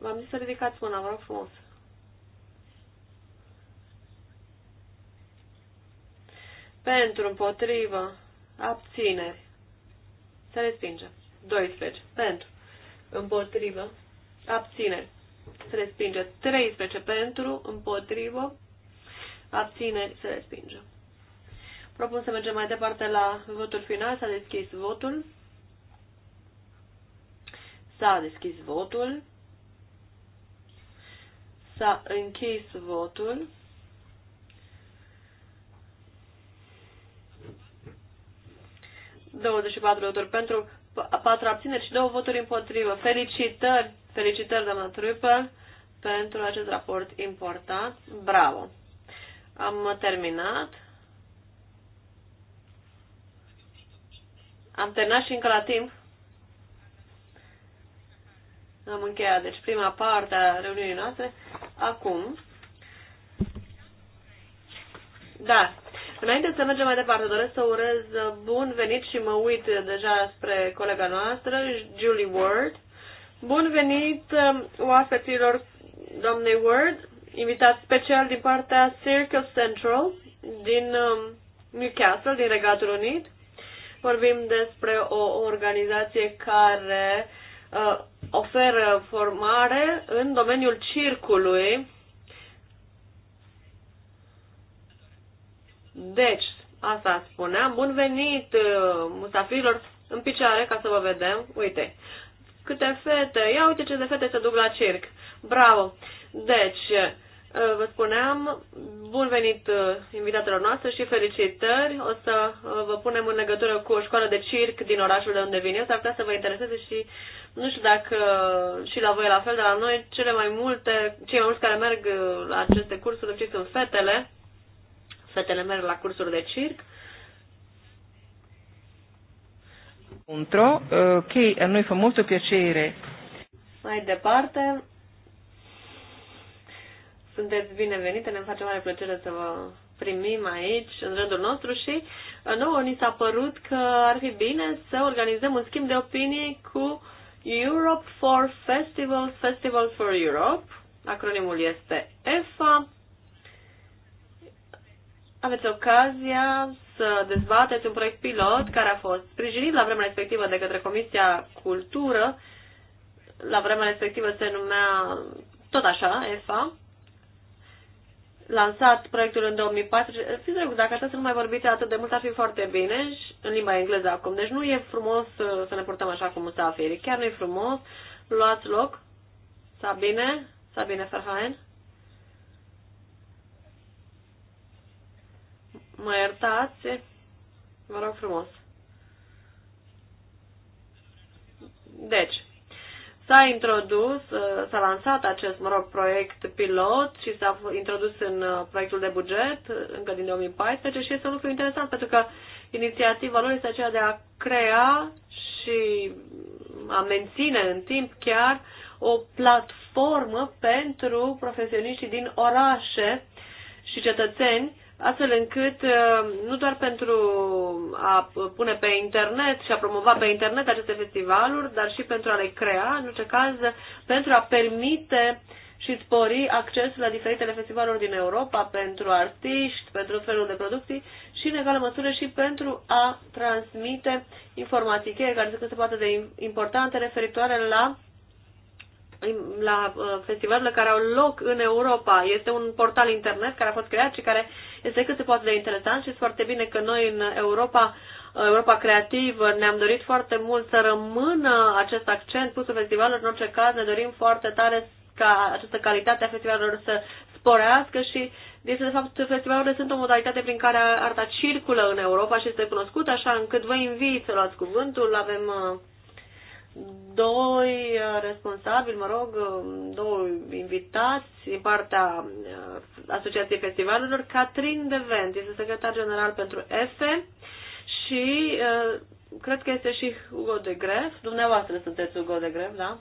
[SPEAKER 2] V-am zis să ridicați mâna, vă rog frumos. Pentru, împotrivă, abțineri. Se respinge. 12. Pentru. Împotrivă. Abțineri. Se respinge. 13. Pentru. Împotrivă. Abțineri. Se respinge. Propun să mergem mai departe la votul final. S-a deschis votul. S-a deschis votul. S-a închis votul. patru voturi pentru, patru abțineri și două voturi împotrivă. Felicitări, felicitări, doamna Trupel, pentru acest raport important. Bravo! Am terminat. Am terminat și încă la timp. Am încheiat, deci, prima parte a reuniunii noastre acum. Da. Înainte să mergem mai departe, doresc să urez bun venit și mă uit deja spre colega noastră, Julie Ward. Bun venit um, oaspeților doamnei Ward, invitat special din partea Circus Central din um, Newcastle, din Regatul Unit. Vorbim despre o organizație care Uh, oferă formare în domeniul circului. Deci, asta spuneam. Bun venit, uh, musafirilor, în picioare, ca să vă vedem. Uite, câte fete, ia uite ce de fete se duc la circ. Bravo! Deci, Eh, vă spuneam, bun venit eh, invitatelor noastre și felicitări. O să eh, vă punem în legătură cu o școală de circ din orașul de unde vin eu. S-ar putea să vă intereseze și nu știu dacă și la voi la fel, dar la noi cele mai multe, cei mai mulți care merg la aceste cursuri, de sunt fetele. Fetele merg la cursuri de circ.
[SPEAKER 1] Contro, che a noi fa molto piacere.
[SPEAKER 2] Mai departe, sunteți binevenite, ne face mare plăcere să vă primim aici, în rândul nostru și uh, nouă ni s-a părut că ar fi bine să organizăm un schimb de opinie cu Europe for Festivals, Festival for Europe, acronimul este EFA. Aveți ocazia să dezbateți un proiect pilot care a fost sprijinit la vremea respectivă de către Comisia Cultură. La vremea respectivă se numea tot așa, EFA lansat proiectul în 2004, Fiți drăguți, dacă atât să nu mai vorbiți atât de mult, ar fi foarte bine și în limba engleză acum. Deci nu e frumos uh, să ne portăm așa cum cu musafirii. Chiar nu e frumos. Luați loc. Sabine? Sabine Ferhaen? Mă iertați? Vă rog frumos. Deci, S-a introdus, uh, s-a lansat acest, mă rog, proiect pilot și s-a introdus în uh, proiectul de buget uh, încă din 2014 și este un lucru interesant pentru că inițiativa lor este aceea de a crea și mm, a menține în timp chiar o platformă pentru profesioniștii din orașe și cetățeni astfel încât uh, nu doar pentru a pune pe internet și a promova pe internet aceste festivaluri, dar și pentru a le crea, în orice caz, pentru a permite și spori accesul la diferitele festivaluri din Europa pentru artiști, pentru felul de producții și, în egală măsură, și pentru a transmite informații cheie care sunt se poate de importante referitoare la la uh, festivalurile care au loc în Europa. Este un portal internet care a fost creat și care este cât se poate de interesant și este foarte bine că noi în Europa uh, Europa Creativă, ne-am dorit foarte mult să rămână acest accent pus în festivaluri, în orice caz ne dorim foarte tare ca această calitate a festivalurilor să sporească și deci, de fapt, festivalurile sunt o modalitate prin care arta circulă în Europa și este cunoscută, așa încât vă invit să luați cuvântul. Avem uh, doi uh, responsabili, mă rog, um, doi invitați din partea uh, Asociației Festivalurilor, Catrin Devent, este secretar general pentru EFE și uh, cred că este și Hugo de Gref, dumneavoastră sunteți Hugo de Gref, da?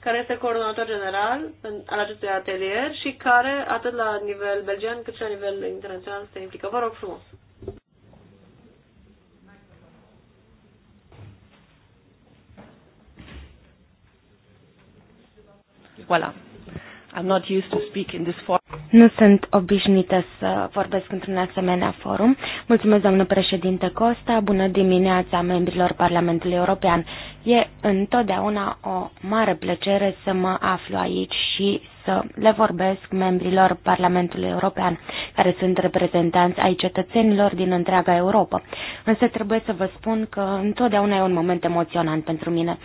[SPEAKER 2] care este coordonator general al acestui atelier și care, atât la nivel belgian cât și la nivel internațional, se implică. Vă rog frumos!
[SPEAKER 4] Voilà. I'm not used to speak in this forum. Nu sunt obișnuită să vorbesc într-un asemenea forum. Mulțumesc, doamnă președinte Costa. Bună dimineața membrilor Parlamentului European. E întotdeauna o mare plăcere să mă aflu aici și să le vorbesc membrilor Parlamentului European, care sunt reprezentanți ai cetățenilor din întreaga Europa. Însă trebuie să vă spun că întotdeauna e un moment emoționant pentru mine.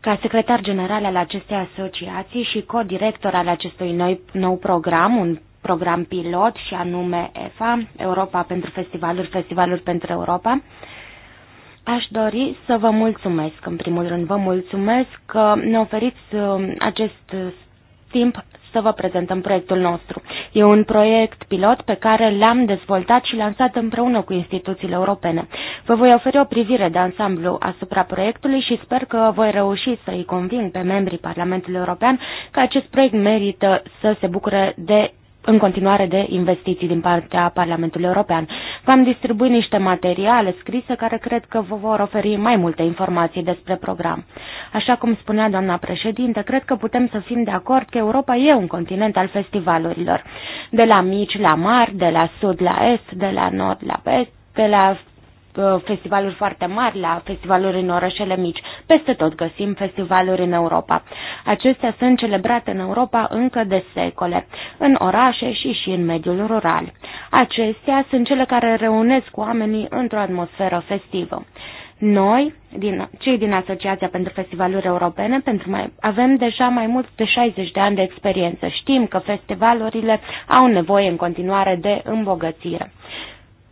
[SPEAKER 4] Ca secretar general al acestei asociații și co-director al acestui noi, nou program, un program pilot și anume EFA, Europa pentru Festivaluri, Festivaluri pentru Europa, aș dori să vă mulțumesc. În primul rând, vă mulțumesc că ne oferiți um, acest timp să vă prezentăm proiectul nostru. E un proiect pilot pe care l-am dezvoltat și lansat împreună cu instituțiile europene. Vă voi oferi o privire de ansamblu asupra proiectului și sper că voi reuși să-i conving pe membrii Parlamentului European că acest proiect merită să se bucure de în continuare de investiții din partea Parlamentului European. V-am distribuit niște materiale scrise care cred că vă vor oferi mai multe informații despre program. Așa cum spunea doamna președinte, cred că putem să fim de acord că Europa e un continent al festivalurilor. De la mici la mari, de la sud la est, de la nord la vest, de la Uh, festivaluri foarte mari, la festivaluri în orașele mici. Peste tot găsim festivaluri în Europa. Acestea sunt celebrate în Europa încă de secole, în orașe și și în mediul rural. Acestea sunt cele care reunesc oamenii într-o atmosferă festivă. Noi, din, cei din Asociația pentru Festivaluri Europene, pentru mai, avem deja mai mult de 60 de ani de experiență. Știm că festivalurile au nevoie în continuare de îmbogățire.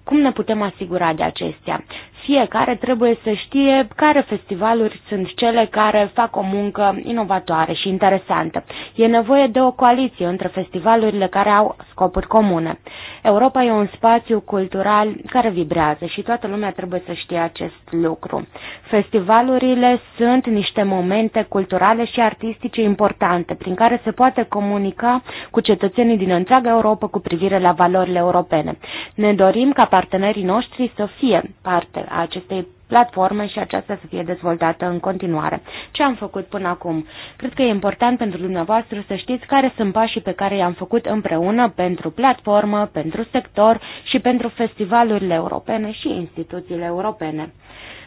[SPEAKER 4] Cum ne putem asigura de acestea? fiecare trebuie să știe care festivaluri sunt cele care fac o muncă inovatoare și interesantă. E nevoie de o coaliție între festivalurile care au scopuri comune. Europa e un spațiu cultural care vibrează și toată lumea trebuie să știe acest lucru. Festivalurile sunt niște momente culturale și artistice importante prin care se poate comunica cu cetățenii din întreaga Europa cu privire la valorile europene. Ne dorim ca partenerii noștri să fie parte acestei platforme și aceasta să fie dezvoltată în continuare. Ce am făcut până acum? Cred că e important pentru dumneavoastră să știți care sunt pașii pe care i-am făcut împreună pentru platformă, pentru sector și pentru festivalurile europene și instituțiile europene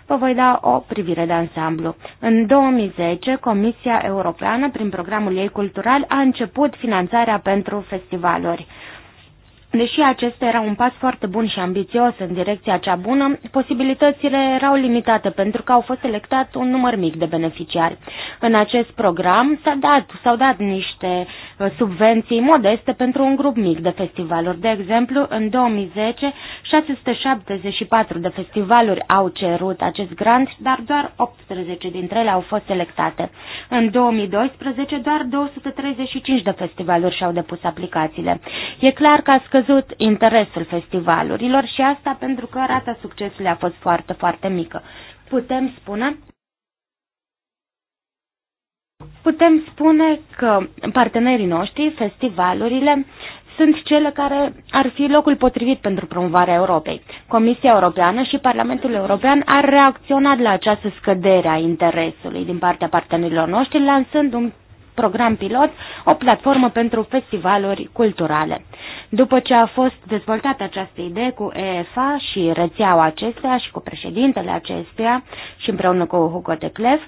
[SPEAKER 4] vă voi da o privire de ansamblu. În 2010, Comisia Europeană, prin programul ei cultural, a început finanțarea pentru festivaluri. Deși acesta era un pas foarte bun și ambițios în direcția cea bună, posibilitățile erau limitate pentru că au fost selectat un număr mic de beneficiari. În acest program s-au dat, s-au dat niște uh, subvenții modeste pentru un grup mic de festivaluri. De exemplu, în 2010, 674 de festivaluri au cerut acest grant, dar doar 18 dintre ele au fost selectate. În 2012, doar 235 de festivaluri și-au depus aplicațiile. E clar că a scăzut interesul festivalurilor și asta pentru că rata succesului a fost foarte, foarte mică. Putem spune Putem spune că partenerii noștri, festivalurile, sunt cele care ar fi locul potrivit pentru promovarea Europei. Comisia Europeană și Parlamentul European ar reacționat la această scădere a interesului din partea partenerilor noștri, lansând un program pilot, o platformă pentru festivaluri culturale. După ce a fost dezvoltată această idee cu EFA și rețeaua acestea și cu președintele acestea și împreună cu Hugo de Clef,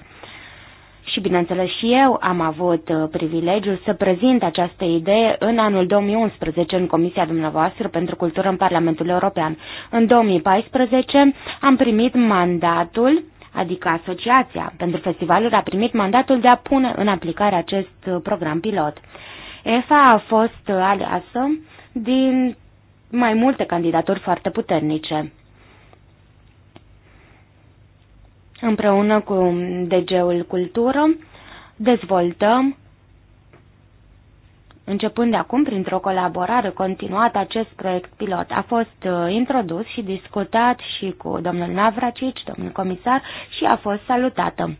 [SPEAKER 4] și bineînțeles și eu am avut uh, privilegiul să prezint această idee în anul 2011 în Comisia dumneavoastră pentru Cultură în Parlamentul European. În 2014 am primit mandatul adică asociația pentru festivaluri, a primit mandatul de a pune în aplicare acest uh, program pilot. EFA a fost uh, aleasă din mai multe candidaturi foarte puternice. Împreună cu um, DG-ul Cultură, dezvoltăm Începând de acum, printr-o colaborare continuată, acest proiect pilot a fost uh, introdus și discutat și cu domnul Navracici, domnul comisar, și a fost salutată.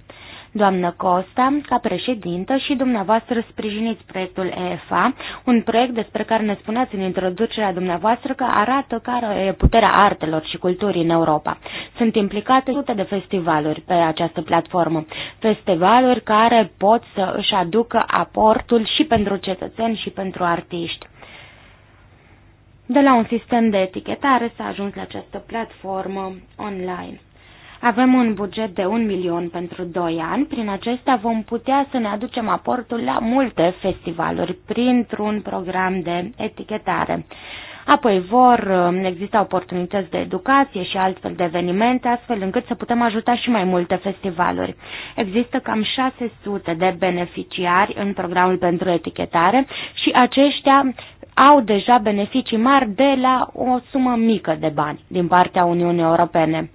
[SPEAKER 4] Doamnă Costa, ca președintă și dumneavoastră sprijiniți proiectul EFA, un proiect despre care ne spuneați în introducerea dumneavoastră că arată care e puterea artelor și culturii în Europa. Sunt implicate sute de festivaluri pe această platformă, festivaluri care pot să își aducă aportul și pentru cetățeni și pentru artiști. De la un sistem de etichetare s-a ajuns la această platformă online. Avem un buget de un milion pentru doi ani. Prin acesta vom putea să ne aducem aportul la multe festivaluri printr-un program de etichetare. Apoi vor um, exista oportunități de educație și altfel de evenimente, astfel încât să putem ajuta și mai multe festivaluri. Există cam 600 de beneficiari în programul pentru etichetare și aceștia au deja beneficii mari de la o sumă mică de bani din partea Uniunii Europene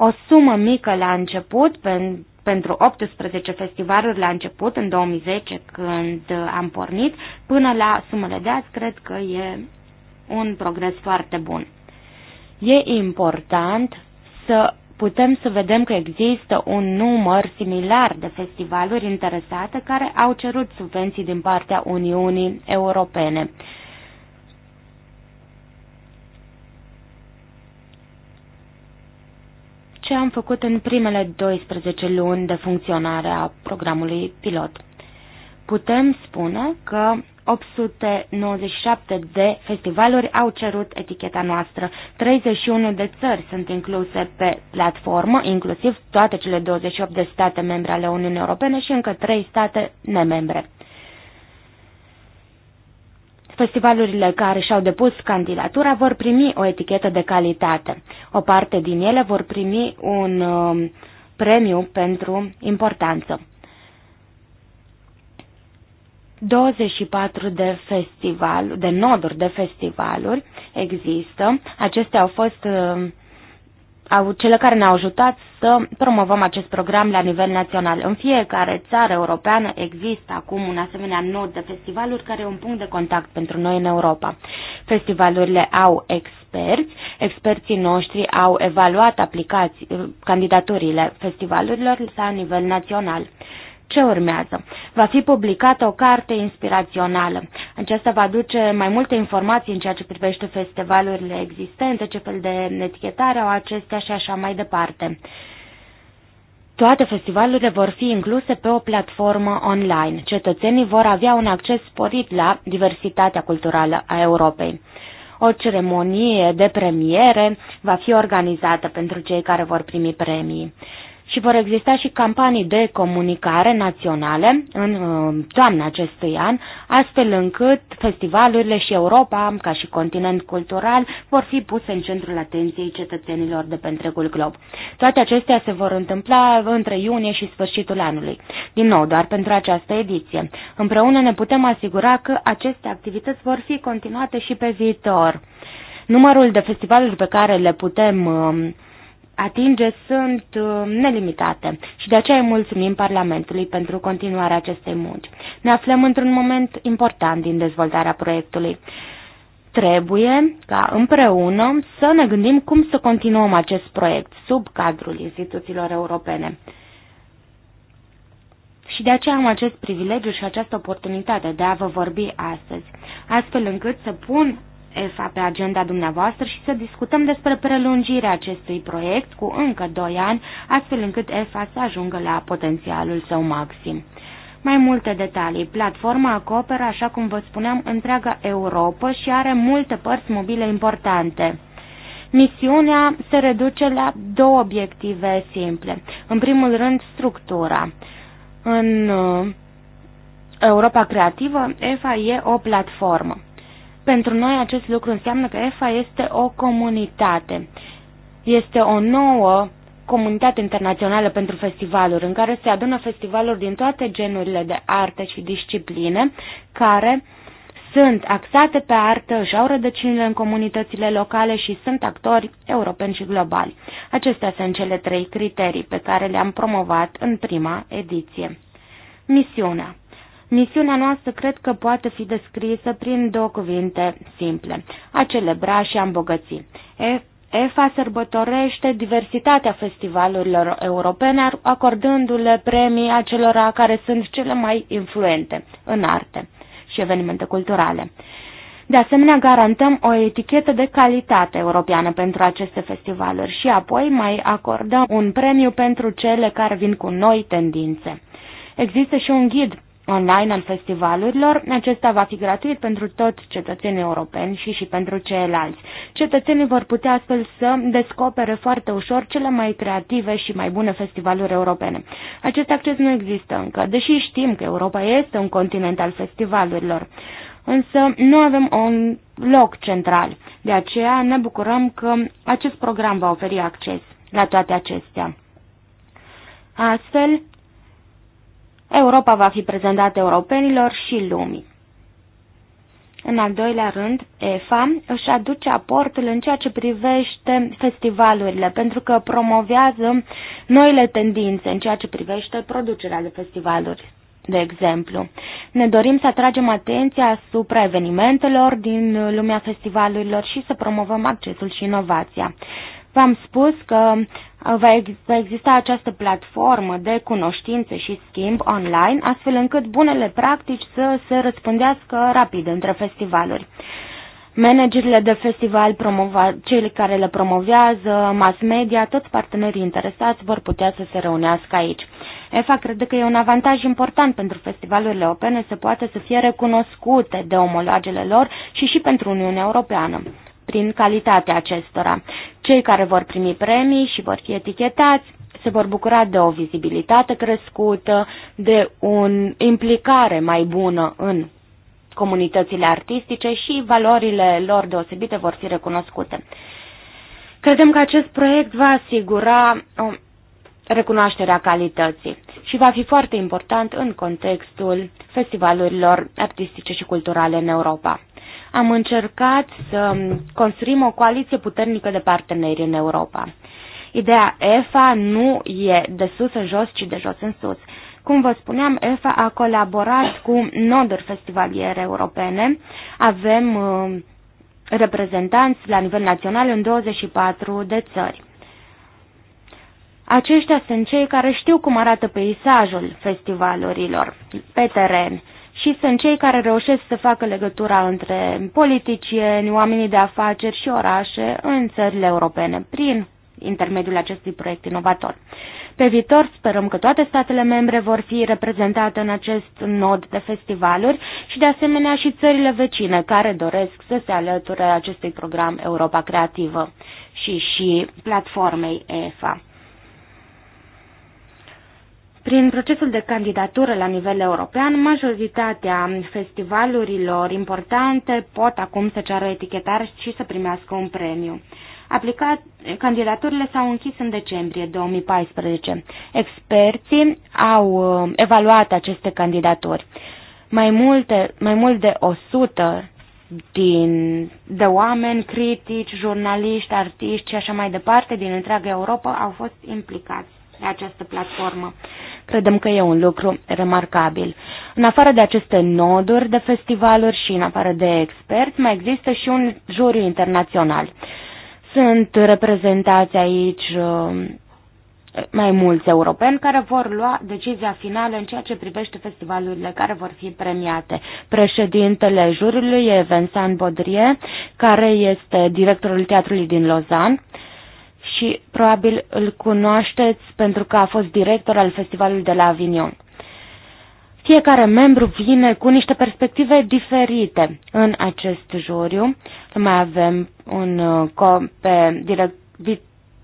[SPEAKER 4] o sumă mică la început, pen, pentru 18 festivaluri la început, în 2010, când am pornit, până la sumele de azi, cred că e un progres foarte bun. E important să putem să vedem că există un număr similar de festivaluri interesate care au cerut subvenții din partea Uniunii Europene ce am făcut în primele 12 luni de funcționare a programului pilot. Putem spune că 897 de festivaluri au cerut eticheta noastră. 31 de țări sunt incluse pe platformă, inclusiv toate cele 28 de state membre ale Uniunii Europene și încă 3 state nemembre. Festivalurile care și-au depus candidatura vor primi o etichetă de calitate. O parte din ele vor primi un uh, premiu pentru importanță. 24 de festival, de noduri de festivaluri există. Acestea au fost uh, au, cele care ne-au ajutat să promovăm acest program la nivel național. În fiecare țară europeană există acum un asemenea nod de festivaluri care e un punct de contact pentru noi în Europa. Festivalurile au experți, experții noștri au evaluat aplicații, candidaturile festivalurilor la nivel național. Ce urmează? Va fi publicată o carte inspirațională. Aceasta va aduce mai multe informații în ceea ce privește festivalurile existente, ce fel de etichetare au acestea și așa mai departe. Toate festivalurile vor fi incluse pe o platformă online. Cetățenii vor avea un acces sporit la diversitatea culturală a Europei. O ceremonie de premiere va fi organizată pentru cei care vor primi premii și vor exista și campanii de comunicare naționale în uh, toamna acestui an, astfel încât festivalurile și Europa, ca și continent cultural, vor fi puse în centrul atenției cetățenilor de pe întregul glob. Toate acestea se vor întâmpla între iunie și sfârșitul anului. Din nou, doar pentru această ediție. Împreună ne putem asigura că aceste activități vor fi continuate și pe viitor. Numărul de festivaluri pe care le putem uh, atinge sunt uh, nelimitate și de aceea îi mulțumim Parlamentului pentru continuarea acestei munci. Ne aflăm într-un moment important din dezvoltarea proiectului. Trebuie ca împreună să ne gândim cum să continuăm acest proiect sub cadrul instituțiilor europene. Și de aceea am acest privilegiu și această oportunitate de a vă vorbi astăzi, astfel încât să pun EFA pe agenda dumneavoastră și să discutăm despre prelungirea acestui proiect cu încă 2 ani, astfel încât EFA să ajungă la potențialul său maxim. Mai multe detalii. Platforma acoperă, așa cum vă spuneam, întreaga Europa și are multe părți mobile importante. Misiunea se reduce la două obiective simple. În primul rând, structura. În uh, Europa Creativă, EFA e o platformă. Pentru noi acest lucru înseamnă că EFA este o comunitate. Este o nouă comunitate internațională pentru festivaluri, în care se adună festivaluri din toate genurile de artă și discipline, care sunt axate pe artă, își au rădăcinile în comunitățile locale și sunt actori europeni și globali. Acestea sunt cele trei criterii pe care le-am promovat în prima ediție. Misiunea Misiunea noastră cred că poate fi descrisă prin două cuvinte simple, a celebra și a îmbogăți. E EFA sărbătorește diversitatea festivalurilor europene, acordându-le premii acelora care sunt cele mai influente în arte și evenimente culturale. De asemenea, garantăm o etichetă de calitate europeană pentru aceste festivaluri și apoi mai acordăm un premiu pentru cele care vin cu noi tendințe. Există și un ghid online al festivalurilor. Acesta va fi gratuit pentru toți cetățenii europeni și și pentru ceilalți. Cetățenii vor putea astfel să descopere foarte ușor cele mai creative și mai bune festivaluri europene. Acest acces nu există încă, deși știm că Europa este un continent al festivalurilor. Însă nu avem un loc central. De aceea ne bucurăm că acest program va oferi acces la toate acestea. Astfel, Europa va fi prezentată europenilor și lumii. În al doilea rând, EFA își aduce aportul în ceea ce privește festivalurile, pentru că promovează noile tendințe în ceea ce privește producerea de festivaluri. De exemplu, ne dorim să atragem atenția asupra evenimentelor din lumea festivalurilor și să promovăm accesul și inovația. V-am spus că va exista această platformă de cunoștințe și schimb online, astfel încât bunele practici să se răspândească rapid între festivaluri managerile de festival, promova, cei care le promovează, mass media, toți partenerii interesați vor putea să se reunească aici. EFA crede că e un avantaj important pentru festivalurile opene să poată să fie recunoscute de omologele lor și și pentru Uniunea Europeană prin calitatea acestora. Cei care vor primi premii și vor fi etichetați se vor bucura de o vizibilitate crescută, de o implicare mai bună în comunitățile artistice și valorile lor deosebite vor fi recunoscute. Credem că acest proiect va asigura recunoașterea calității și va fi foarte important în contextul festivalurilor artistice și culturale în Europa am încercat să construim o coaliție puternică de parteneri în Europa. Ideea EFA nu e de sus în jos, ci de jos în sus. Cum vă spuneam, EFA a colaborat cu noduri festivaliere europene. Avem uh, reprezentanți la nivel național în 24 de țări. Aceștia sunt cei care știu cum arată peisajul festivalurilor pe teren și sunt cei care reușesc să facă legătura între politicieni, oamenii de afaceri și orașe în țările europene prin intermediul acestui proiect inovator. Pe viitor sperăm că toate statele membre vor fi reprezentate în acest nod de festivaluri și de asemenea și țările vecine care doresc să se alăture acestui program Europa Creativă și și platformei EFA. Prin procesul de candidatură la nivel european, majoritatea festivalurilor importante pot acum să ceară etichetare și să primească un premiu. Aplicat, candidaturile s-au închis în decembrie 2014. Experții au uh, evaluat aceste candidaturi. Mai, multe, mai mult de 100 din, de oameni, critici, jurnaliști, artiști și așa mai departe din întreaga Europa au fost implicați pe această platformă. Credem că e un lucru remarcabil. În afară de aceste noduri de festivaluri și în afară de experți, mai există și un juriu internațional. Sunt reprezentați aici uh, mai mulți europeni care vor lua decizia finală în ceea ce privește festivalurile care vor fi premiate. Președintele jurului e Vincent Baudrier, care este directorul teatrului din Lausanne și probabil îl cunoașteți pentru că a fost director al festivalului de la Avignon. Fiecare membru vine cu niște perspective diferite în acest juriu. Mai avem un, uh, pe, direct,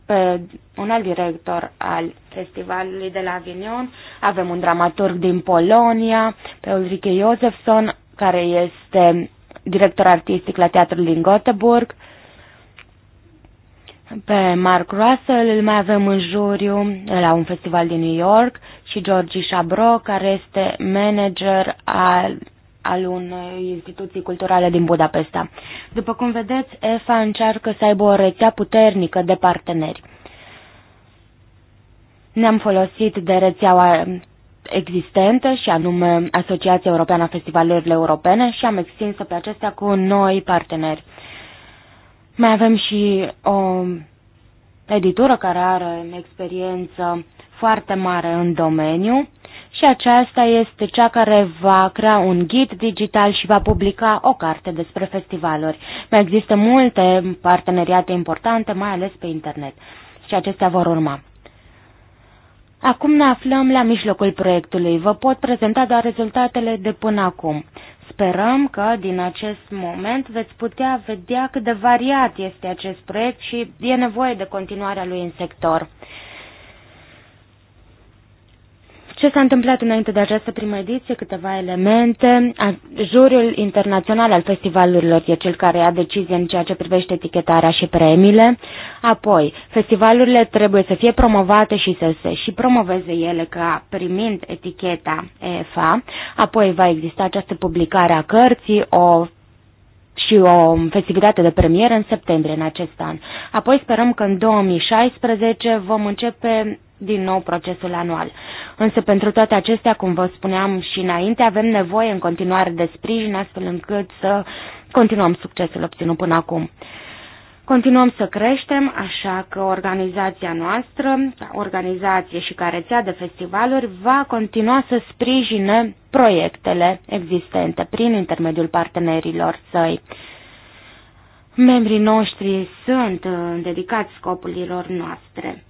[SPEAKER 4] pe un alt director al festivalului de la Avignon, avem un dramaturg din Polonia, pe Ulrike Josefson, care este director artistic la teatrul din Göteborg, pe Mark Russell, îl mai avem în juriu la un festival din New York și Georgie Chabro, care este manager al, al unei instituții culturale din Budapesta. După cum vedeți, EFA încearcă să aibă o rețea puternică de parteneri. Ne-am folosit de rețeaua existentă și anume Asociația Europeană a Festivalurilor Europene și am extins-o pe acestea cu noi parteneri. Mai avem și o editură care are experiență foarte mare în domeniu și aceasta este cea care va crea un ghid digital și va publica o carte despre festivaluri. Mai există multe parteneriate importante, mai ales pe internet, și acestea vor urma. Acum ne aflăm la mijlocul proiectului. Vă pot prezenta doar rezultatele de până acum. Sperăm că din acest moment veți putea vedea cât de variat este acest proiect și e nevoie de continuarea lui în sector. Ce s-a întâmplat înainte de această primă ediție? Câteva elemente. Juriul internațional al festivalurilor e cel care ia decizie în ceea ce privește etichetarea și premiile. Apoi, festivalurile trebuie să fie promovate și să se și promoveze ele ca primind eticheta EFA. Apoi va exista această publicare a cărții, o și o festivitate de premieră în septembrie în acest an. Apoi sperăm că în 2016 vom începe din nou procesul anual. Însă pentru toate acestea, cum vă spuneam și înainte, avem nevoie în continuare de sprijin astfel încât să continuăm succesul obținut până acum. Continuăm să creștem, așa că organizația noastră, ca organizație și ca rețea de festivaluri, va continua să sprijine proiectele existente prin intermediul partenerilor săi. Membrii noștri sunt uh, dedicați scopurilor noastre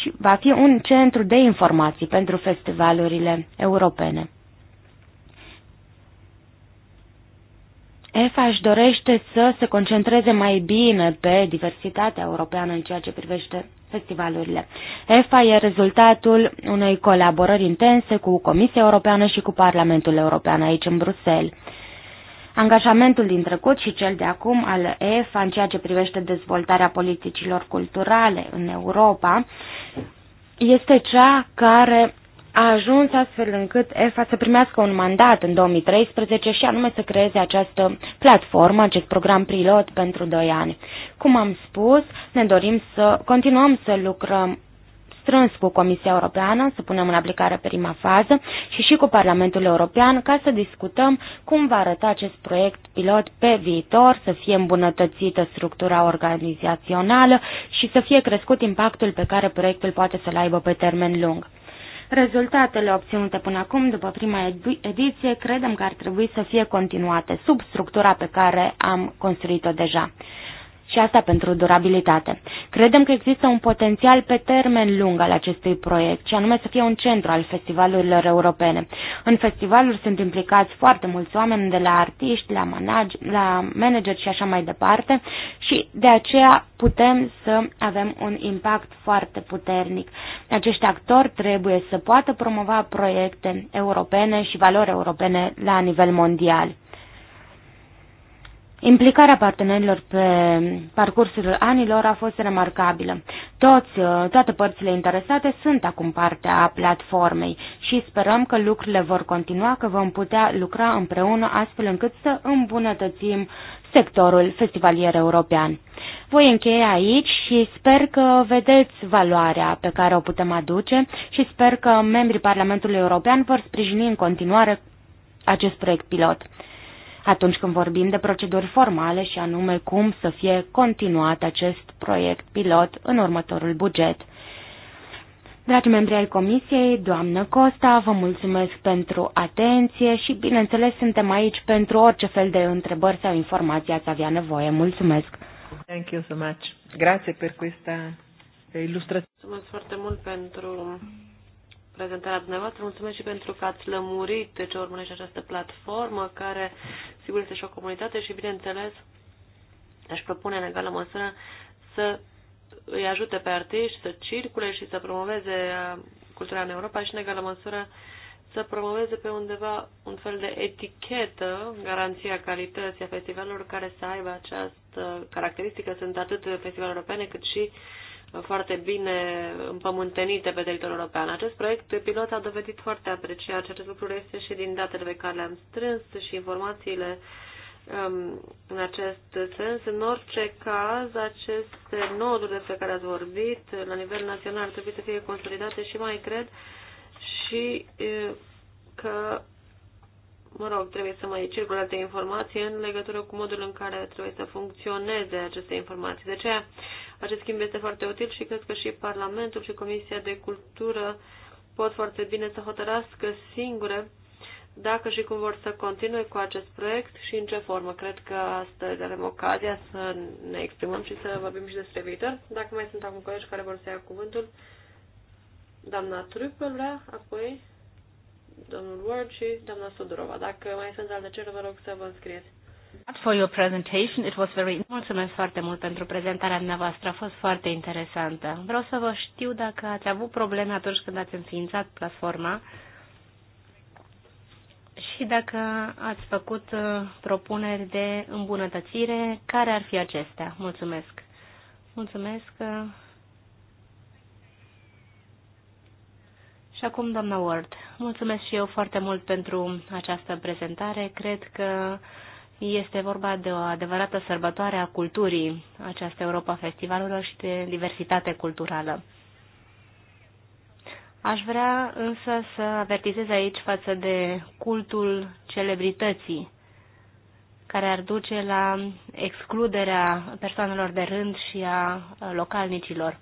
[SPEAKER 4] și va fi un centru de informații pentru festivalurile europene. EFA își dorește să se concentreze mai bine pe diversitatea europeană în ceea ce privește festivalurile. EFA e rezultatul unei colaborări intense cu Comisia Europeană și cu Parlamentul European aici în Bruxelles. Angajamentul din trecut și cel de acum al EFA în ceea ce privește dezvoltarea politicilor culturale în Europa este cea care a ajuns astfel încât EFA să primească un mandat în 2013 și anume să creeze această platformă, acest program pilot pentru 2 ani. Cum am spus, ne dorim să continuăm să lucrăm strâns cu Comisia Europeană să punem în aplicare prima fază și și cu Parlamentul European ca să discutăm cum va arăta acest proiect pilot pe viitor, să fie îmbunătățită structura organizațională și să fie crescut impactul pe care proiectul poate să-l aibă pe termen lung. Rezultatele obținute până acum, după prima ediție, credem că ar trebui să fie continuate sub structura pe care am construit-o deja și asta pentru durabilitate. Credem că există un potențial pe termen lung al acestui proiect, și anume să fie un centru al festivalurilor europene. În festivaluri sunt implicați foarte mulți oameni, de la artiști, la, manage, la manageri și așa mai departe, și de aceea putem să avem un impact foarte puternic. Acești actori trebuie să poată promova proiecte europene și valori europene la nivel mondial. Implicarea partenerilor pe parcursul anilor a fost remarcabilă. Toți, uh, toate părțile interesate sunt acum parte a platformei și sperăm că lucrurile vor continua, că vom putea lucra împreună astfel încât să îmbunătățim sectorul festivalier european. Voi încheia aici și sper că vedeți valoarea pe care o putem aduce și sper că membrii Parlamentului European vor sprijini în continuare acest proiect pilot atunci când vorbim de proceduri formale și anume cum să fie continuat acest proiect pilot în următorul buget. Dragi membri ai Comisiei, doamnă Costa, vă mulțumesc pentru atenție și, bineînțeles, suntem aici pentru orice fel de întrebări sau informații ați avea nevoie. Mulțumesc!
[SPEAKER 1] Thank you so much. Grazie per questa illustrazione.
[SPEAKER 2] Mulțumesc foarte mult pentru prezentarea dumneavoastră. Mulțumesc și pentru că ați lămurit de ce urmărește această platformă, care sigur este și o comunitate și, bineînțeles, aș propune în egală măsură să îi ajute pe artiști să circule și să promoveze uh, cultura în Europa și, în egală măsură, să promoveze pe undeva un fel de etichetă, garanția calității a festivalurilor care să aibă această caracteristică. Sunt atât festivaluri europene cât și uh, foarte bine împământenite pe teritoriul european. Acest proiect pilot a dovedit foarte apreciat și acest lucru este și din datele pe care le-am strâns și informațiile um, în acest sens. În orice caz, aceste noduri despre care ați vorbit la nivel național trebuie să fie consolidate și mai cred și uh, că mă rog, trebuie să mai circulă alte informații în legătură cu modul în care trebuie să funcționeze aceste informații. De aceea, acest schimb este foarte util și cred că și Parlamentul și Comisia de Cultură pot foarte bine să hotărască singure dacă și cum vor să continue cu acest proiect și în ce formă. Cred că astăzi avem ocazia să ne exprimăm și să vorbim și despre viitor. Dacă mai sunt acum colegi care vor să ia cuvântul, doamna Trupel vrea, apoi domnul Ward și doamna Sudurova. Dacă mai sunt alte cereri, vă rog să vă înscrieți.
[SPEAKER 3] For your presentation. It was very... Mulțumesc foarte mult pentru prezentarea dumneavoastră, a fost foarte interesantă. Vreau să vă știu dacă ați avut probleme atunci când ați înființat platforma și dacă ați făcut uh, propuneri de îmbunătățire, care ar fi acestea? Mulțumesc! Mulțumesc! Uh. Și acum, doamna Ward, mulțumesc și eu foarte mult pentru această prezentare. Cred că este vorba de o adevărată sărbătoare a culturii, această Europa festivalurilor și de diversitate culturală. Aș vrea însă să avertizez aici față de cultul celebrității, care ar duce la excluderea persoanelor de rând și a localnicilor.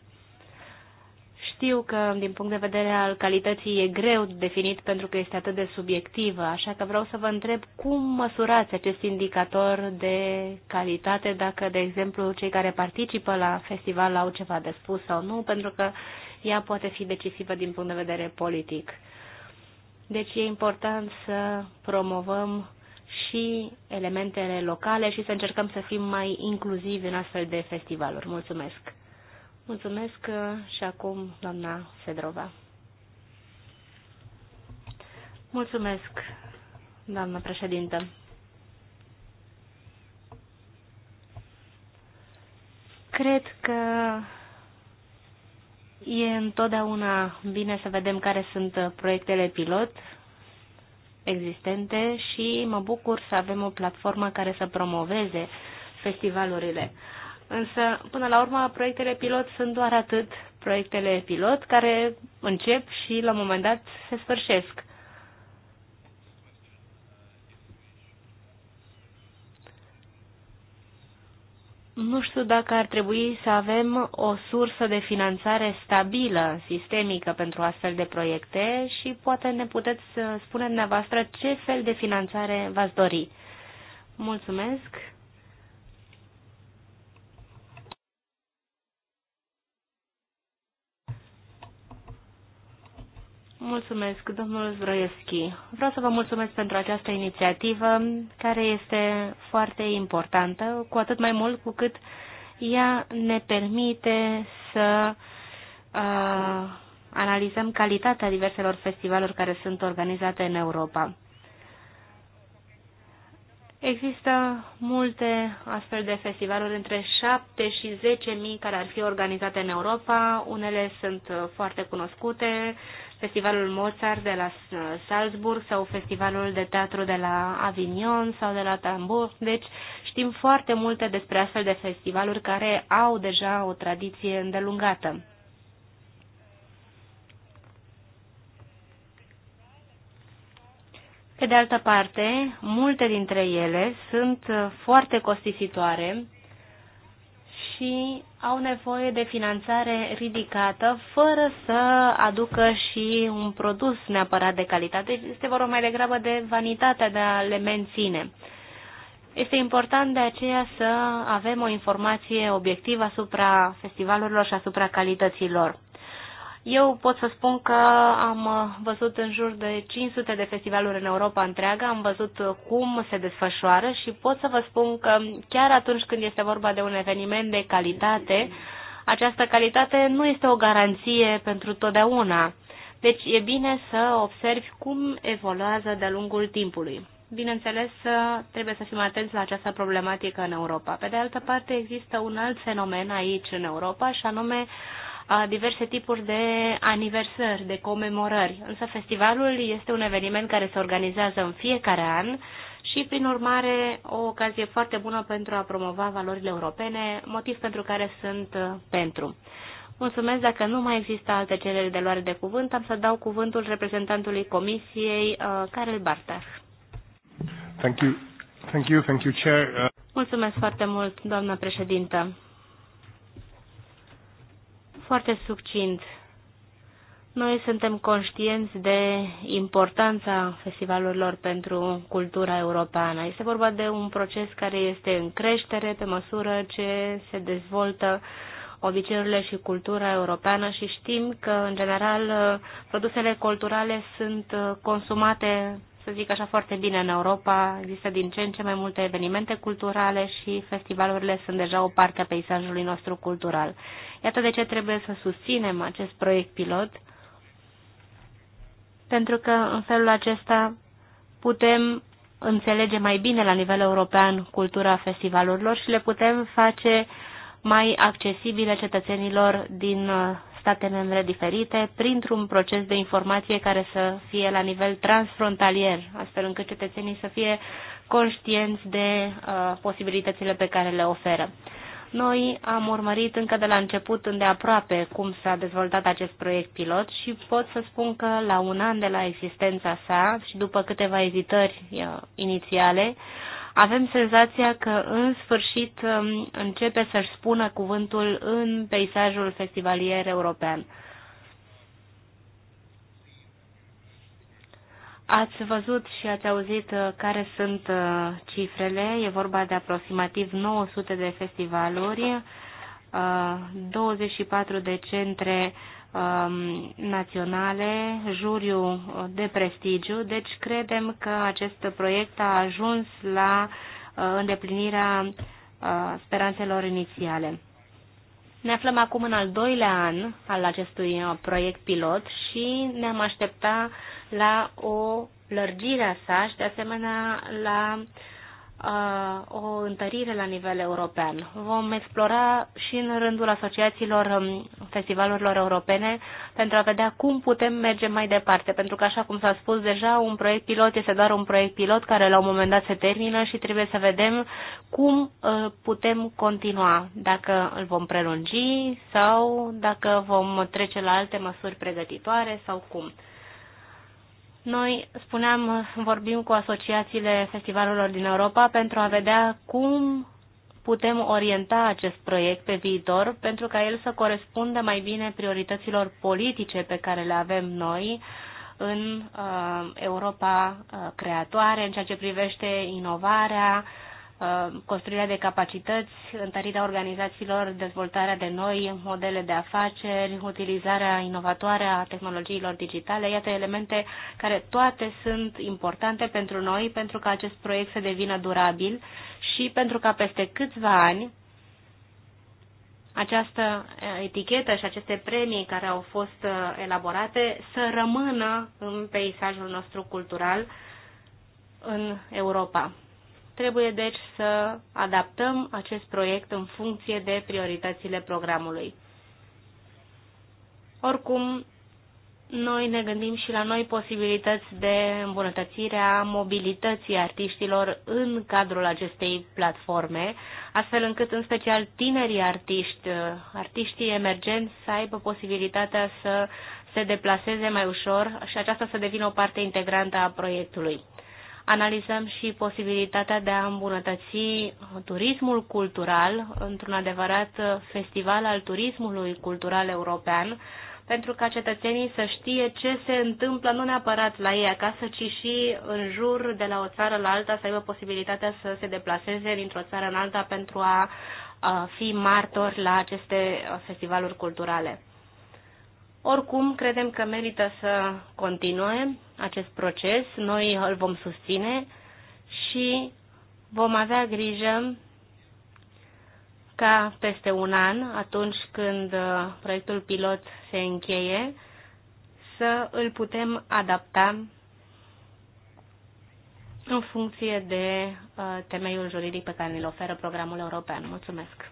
[SPEAKER 3] Știu că, din punct de vedere al calității, e greu definit pentru că este atât de subiectivă, așa că vreau să vă întreb cum măsurați acest indicator de calitate, dacă, de exemplu, cei care participă la festival au ceva de spus sau nu, pentru că ea poate fi decisivă din punct de vedere politic. Deci e important să promovăm și elementele locale și să încercăm să fim mai inclusivi în astfel de festivaluri. Mulțumesc! Mulțumesc uh, și acum, doamna Fedrova. Mulțumesc, doamna președintă. Cred că e întotdeauna bine să vedem care sunt proiectele pilot existente și mă bucur să avem o platformă care să promoveze festivalurile. Însă, până la urmă, proiectele pilot sunt doar atât, proiectele pilot care încep și la un moment dat se sfârșesc. Nu știu dacă ar trebui să avem o sursă de finanțare stabilă, sistemică pentru astfel de proiecte și poate ne puteți uh, spune dumneavoastră ce fel de finanțare v-ați dori. Mulțumesc!
[SPEAKER 2] Mulțumesc, domnul Zdroievski.
[SPEAKER 3] Vreau să vă mulțumesc pentru această inițiativă, care este foarte importantă, cu atât mai mult cu cât ea ne permite să uh, analizăm calitatea diverselor festivaluri care sunt organizate în Europa. Există multe astfel de festivaluri, între 7 și 10 mii care ar fi organizate în Europa. Unele sunt uh, foarte cunoscute, Festivalul Mozart de la uh, Salzburg sau Festivalul de Teatru de la Avignon sau de la Tambour. Deci știm foarte multe despre astfel de festivaluri care au deja o tradiție îndelungată. Pe de altă parte, multe dintre ele sunt foarte costisitoare și au nevoie de finanțare ridicată, fără să aducă și un produs neapărat de calitate. Este vorba mai degrabă de vanitatea de a le menține. Este important de aceea să avem o informație obiectivă asupra festivalurilor și asupra calităților. Eu pot să spun că am uh, văzut în jur de 500 de festivaluri în Europa întreagă, am văzut cum se desfășoară și pot să vă spun că chiar atunci când este vorba de un eveniment de calitate, această calitate nu este o garanție pentru totdeauna. Deci e bine să observi cum evoluează de-a lungul timpului. Bineînțeles, trebuie să fim atenți la această problematică în Europa. Pe de altă parte, există un alt fenomen aici în Europa și anume diverse tipuri de aniversări, de comemorări. Însă festivalul este un eveniment care se organizează în fiecare an și, prin urmare, o ocazie foarte bună pentru a promova valorile europene, motiv pentru care sunt uh, pentru. Mulțumesc. Dacă nu mai există alte cereri de luare de cuvânt, am să dau cuvântul reprezentantului Comisiei, uh, Karel Bartar.
[SPEAKER 2] Thank you. Thank you, thank you, Chair. Uh,
[SPEAKER 3] Mulțumesc foarte mult, doamnă președintă. Foarte succint. Noi suntem conștienți de importanța festivalurilor pentru cultura europeană. Este vorba de un proces care este în creștere pe măsură ce se dezvoltă obiceiurile și cultura europeană și știm că, în general, produsele culturale sunt consumate, să zic așa, foarte bine în Europa. Există din ce în ce mai multe evenimente culturale și festivalurile sunt deja o parte a peisajului nostru cultural. Iată de ce trebuie să susținem acest proiect pilot, pentru că în felul acesta putem înțelege mai bine la nivel european cultura festivalurilor și le putem face mai accesibile cetățenilor din uh, state membre diferite printr-un proces de informație care să fie la nivel transfrontalier, astfel încât cetățenii să fie conștienți de uh, posibilitățile pe care le oferă. Noi am urmărit încă de la început îndeaproape cum s-a dezvoltat acest proiect pilot și pot să spun că la un an de la existența sa și după câteva ezitări uh, inițiale, avem senzația că în sfârșit um, începe să-și spună cuvântul în peisajul festivalier european. Ați văzut și ați auzit uh, care sunt uh, cifrele. E vorba de aproximativ 900 de festivaluri, 24 uh, de centre um, naționale, juriu de prestigiu. Deci credem că acest proiect a ajuns la îndeplinirea speranțelor inițiale. Ne aflăm acum în al doilea an al acestui proiect pilot și ne-am aștepta uh, la o lărgire a sa și, de asemenea, la uh, o întărire la nivel european. Vom explora și în rândul asociațiilor um, festivalurilor europene pentru a vedea cum putem merge mai departe, pentru că, așa cum s-a spus deja, un proiect pilot este doar un proiect pilot care la un moment dat se termină și trebuie să vedem cum uh, putem continua, dacă îl vom prelungi sau dacă vom trece la alte măsuri pregătitoare sau cum. Noi, spuneam, vorbim cu asociațiile festivalurilor din Europa pentru a vedea cum putem orienta acest proiect pe viitor pentru ca el să corespundă mai bine priorităților politice pe care le avem noi în uh, Europa uh, creatoare, în ceea ce privește inovarea, uh, Uh, construirea de capacități, întărirea organizațiilor, dezvoltarea de noi modele de afaceri, utilizarea inovatoare a tehnologiilor digitale, iată elemente care toate sunt importante pentru noi, pentru ca acest proiect să devină durabil și pentru ca peste câțiva ani această uh, etichetă și aceste premii care au fost uh, elaborate să rămână în peisajul nostru cultural în Europa. Trebuie deci să adaptăm acest proiect în funcție de prioritățile programului. Oricum, noi ne gândim și la noi posibilități de îmbunătățire a mobilității artiștilor în cadrul acestei platforme, astfel încât în special tinerii artiști, artiștii emergenți să aibă posibilitatea să se deplaseze mai ușor și aceasta să devină o parte integrantă a proiectului analizăm și posibilitatea de a îmbunătăți turismul cultural într-un adevărat festival al turismului cultural european, pentru ca cetățenii să știe ce se întâmplă nu neapărat la ei acasă, ci și în jur, de la o țară la alta, să aibă posibilitatea să se deplaseze dintr-o țară în alta pentru a fi martori la aceste festivaluri culturale. Oricum, credem că merită să continuăm acest proces, noi îl vom susține și vom avea grijă ca peste un an, atunci când uh, proiectul pilot se încheie, să îl putem adapta în funcție de uh, temeiul juridic pe care îl oferă programul
[SPEAKER 2] european. Mulțumesc!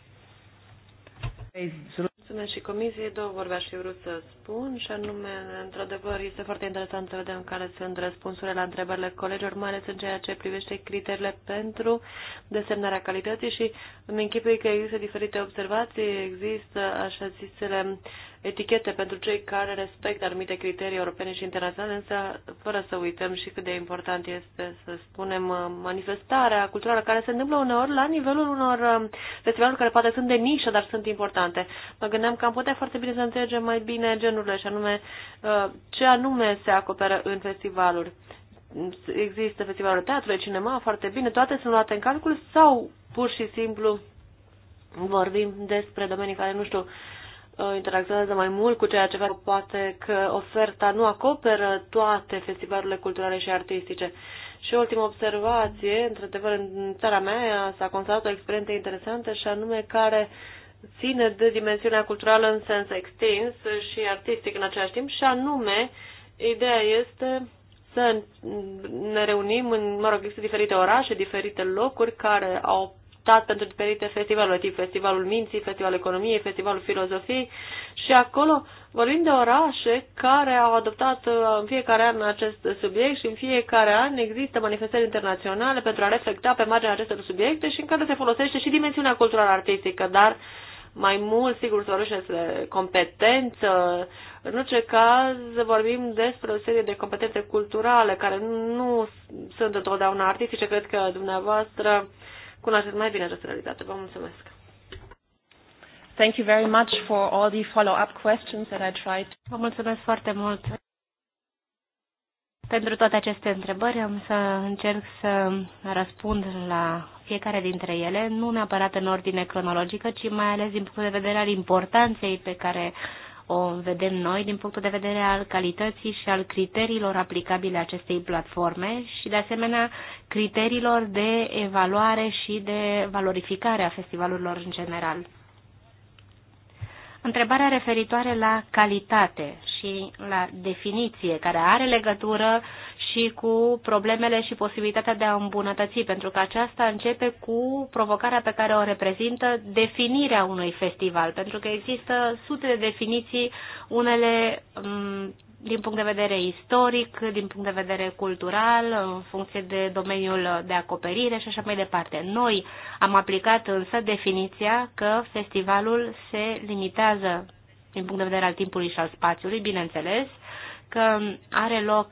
[SPEAKER 2] Mulțumesc și comisiei. Două vorbe aș fi vrut să spun și anume, într-adevăr, este foarte interesant să vedem care sunt răspunsurile la întrebările colegilor, mai ales în ceea ce privește criteriile pentru desemnarea calității și îmi închipui că există diferite observații, există așa zisele uh, etichete pentru cei care respectă anumite criterii europene și internaționale, însă fără să uităm și cât de important este, să spunem, uh, manifestarea culturală care se întâmplă uneori la nivelul unor uh, festivaluri care poate sunt de nișă, dar sunt importante. Mă gândeam că am putea foarte bine să înțelegem mai bine genurile și anume uh, ce anume se acoperă în festivaluri. Există festivalul teatru, cinema, foarte bine, toate sunt luate în calcul sau pur și simplu vorbim despre domenii care, nu știu, Uh, interacționează mai mult cu ceea ce fac. Poate că oferta nu acoperă toate festivalurile culturale și artistice. Și ultima observație, într-adevăr, în țara mea s-a constatat o experiență interesantă și anume care ține de dimensiunea culturală în sens extins și artistic în același timp și anume ideea este să ne reunim în, mă rog, există diferite orașe, diferite locuri care au stat pentru diferite festivaluri, tip Festivalul Minții, Festivalul Economiei, Festivalul Filozofiei și acolo vorbim de orașe care au adoptat uh, în fiecare an acest subiect și în fiecare an există manifestări internaționale pentru a reflecta pe marginea acestor subiecte și în care se folosește și dimensiunea culturală artistică, dar mai mult, sigur, să vorbim despre competență. În orice caz, vorbim despre o serie de competențe culturale care nu sunt întotdeauna artistice. Cred că dumneavoastră cu atât mai bine răsfățată. Vă mulțumesc! Thank you very much for all the follow-up questions that I tried. Vă mulțumesc foarte mult pentru toate aceste întrebări.
[SPEAKER 3] Am să încerc să răspund la fiecare dintre ele, nu neapărat în ordine cronologică, ci mai ales din punct de vedere al importanței pe care uh, o vedem noi din punctul de vedere al calității și al criteriilor aplicabile acestei platforme și, de asemenea, criteriilor de evaluare și de valorificare a festivalurilor în general. Întrebarea referitoare la calitate și la definiție, care are legătură și cu problemele și posibilitatea de a îmbunătăți, pentru că aceasta începe cu provocarea pe care o reprezintă definirea unui festival, pentru că există sute de definiții, unele mm, din punct de vedere istoric, din punct de vedere cultural, în funcție de domeniul de acoperire și așa mai departe. Noi am aplicat însă definiția că festivalul se limitează din punct de vedere al timpului și al spațiului, bineînțeles, că are loc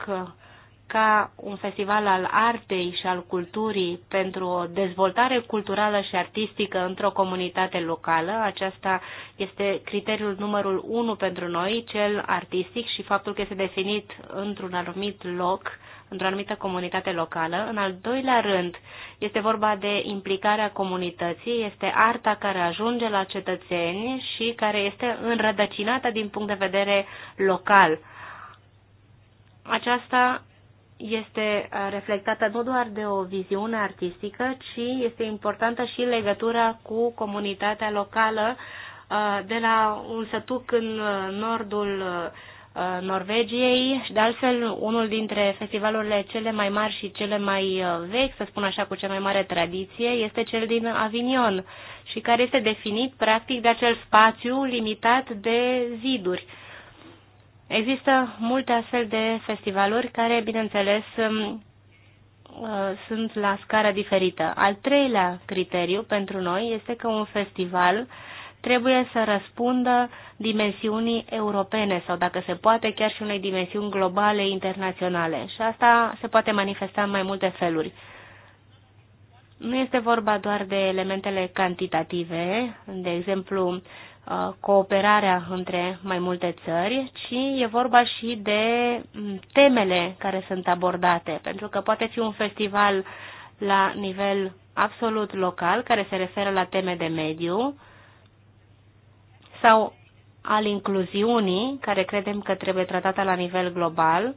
[SPEAKER 3] ca un festival al artei și al culturii pentru o dezvoltare culturală și artistică într-o comunitate locală. Aceasta este criteriul numărul unu pentru noi, cel artistic și faptul că este definit într-un anumit loc, într-o anumită comunitate locală. În al doilea rând, este vorba de implicarea comunității, este arta care ajunge la cetățeni și care este înrădăcinată din punct de vedere local aceasta este uh, reflectată nu doar de o viziune artistică, ci este importantă și legătura cu comunitatea locală uh, de la un sătuc în uh, nordul Norvegiei și de altfel unul dintre festivalurile cele mai mari și cele mai vechi, să spun așa, cu cea mai mare tradiție, este cel din Avignon și care este definit practic de acel spațiu limitat de ziduri. Există multe astfel de festivaluri care, bineînțeles, um, uh, sunt la scară diferită. Al treilea criteriu pentru noi este că un festival trebuie să răspundă dimensiunii europene sau, dacă se poate, chiar și unei dimensiuni globale, internaționale. Și asta se poate manifesta în mai multe feluri. Nu este vorba doar de elementele cantitative, de exemplu, Uh, cooperarea între mai multe țări, ci e vorba și de mm, temele care sunt abordate, pentru că poate fi un festival la nivel absolut local care se referă la teme de mediu sau al incluziunii, care credem că trebuie tratată la nivel global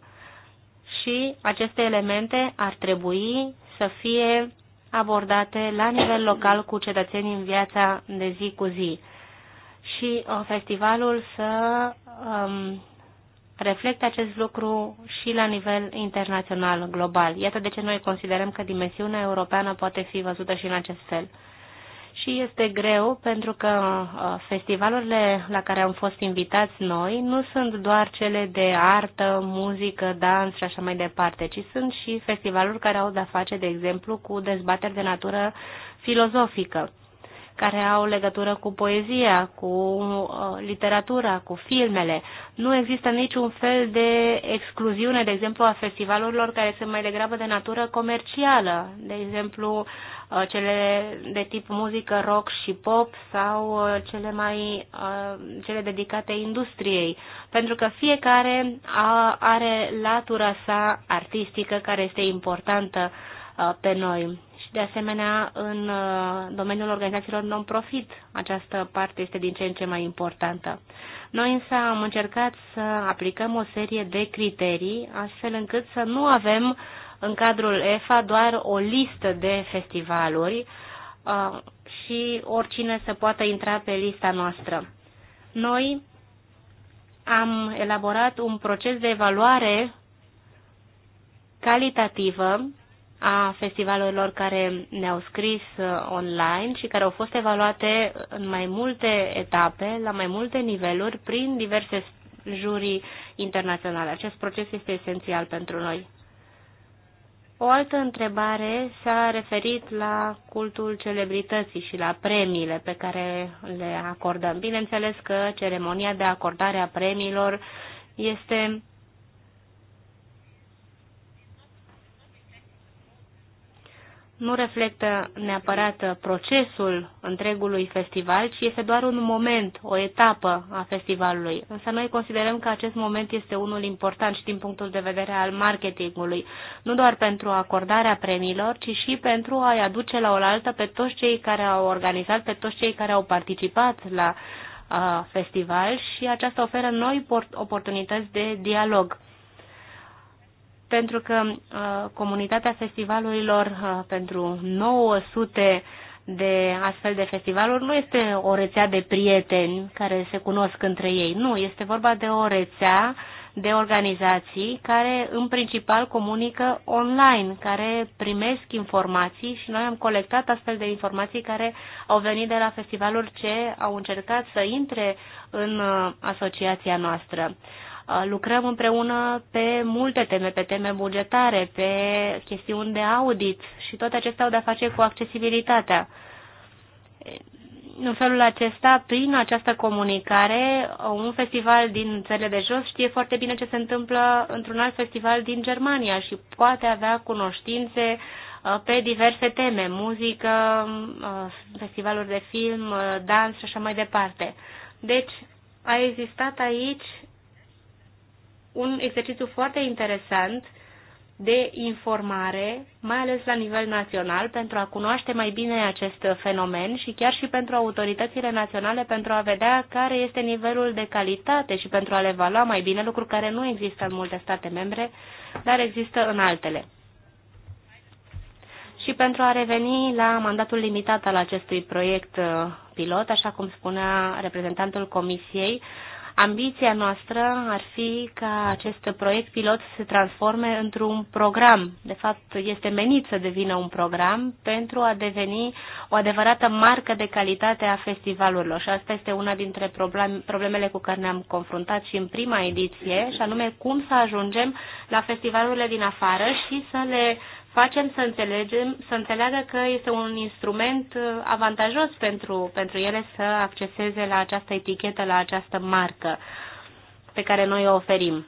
[SPEAKER 3] și aceste elemente ar trebui să fie abordate la nivel local cu cetățenii în viața de zi cu zi și uh, festivalul să um, reflecte acest lucru și la nivel internațional, global. Iată de ce noi considerăm că dimensiunea europeană poate fi văzută și în acest fel. Și este greu pentru că uh, festivalurile la care am fost invitați noi nu sunt doar cele de artă, muzică, dans și așa mai departe, ci sunt și festivaluri care au de-a face, de exemplu, cu dezbateri de natură filozofică care au legătură cu poezia, cu uh, literatura, cu filmele. Nu există niciun fel de excluziune, de exemplu, a festivalurilor care sunt mai degrabă de natură comercială, de exemplu, uh, cele de tip muzică rock și pop sau uh, cele mai cele dedicate industriei, pentru că fiecare are latura sa artistică care este importantă pe noi. De asemenea, în uh, domeniul organizațiilor non-profit, această parte este din ce în ce mai importantă. Noi însă am încercat să aplicăm o serie de criterii, astfel încât să nu avem în cadrul EFA doar o listă de festivaluri uh, și oricine să poată intra pe lista noastră. Noi am elaborat un proces de evaluare calitativă a festivalurilor care ne-au scris uh, online și care au fost evaluate în mai multe etape, la mai multe niveluri, prin diverse jurii internaționale. Acest proces este esențial pentru noi. O altă întrebare s-a referit la cultul celebrității și la premiile pe care le acordăm. Bineînțeles că ceremonia de acordare a premiilor este nu reflectă neapărat procesul întregului festival, ci este doar un moment, o etapă a festivalului. Însă noi considerăm că acest moment este unul important și din punctul de vedere al marketingului, nu doar pentru acordarea premiilor, ci și pentru a-i aduce la oaltă pe toți cei care au organizat, pe toți cei care au participat la uh, festival și aceasta oferă noi oportunități de dialog pentru că uh, comunitatea festivalurilor uh, pentru 900 de astfel de festivaluri nu este o rețea de prieteni care se cunosc între ei. Nu, este vorba de o rețea de organizații care în principal comunică online, care primesc informații și noi am colectat astfel de informații care au venit de la festivaluri ce au încercat să intre în uh, asociația noastră. Lucrăm împreună pe multe teme, pe teme bugetare, pe chestiuni de audit și toate acestea au de-a face cu accesibilitatea. În felul acesta, prin această comunicare, un festival din țările de jos știe foarte bine ce se întâmplă într-un alt festival din Germania și poate avea cunoștințe pe diverse teme, muzică, festivaluri de film, dans și așa mai departe. Deci, a existat aici un exercițiu foarte interesant de informare, mai ales la nivel național, pentru a cunoaște mai bine acest fenomen și chiar și pentru autoritățile naționale pentru a vedea care este nivelul de calitate și pentru a le evalua mai bine, lucru care nu există în multe state membre, dar există în altele. Și pentru a reveni la mandatul limitat al acestui proiect uh, pilot, așa cum spunea reprezentantul Comisiei, Ambiția noastră ar fi ca acest proiect pilot să se transforme într-un program. De fapt, este menit să devină un program pentru a deveni o adevărată marcă de calitate a festivalurilor. Și asta este una dintre problemele cu care ne-am confruntat și în prima ediție, și anume cum să ajungem la festivalurile din afară și să le facem să, înțelegem, să înțeleagă că este un instrument uh, avantajos pentru, pentru ele să acceseze la această etichetă, la această marcă pe care noi o oferim.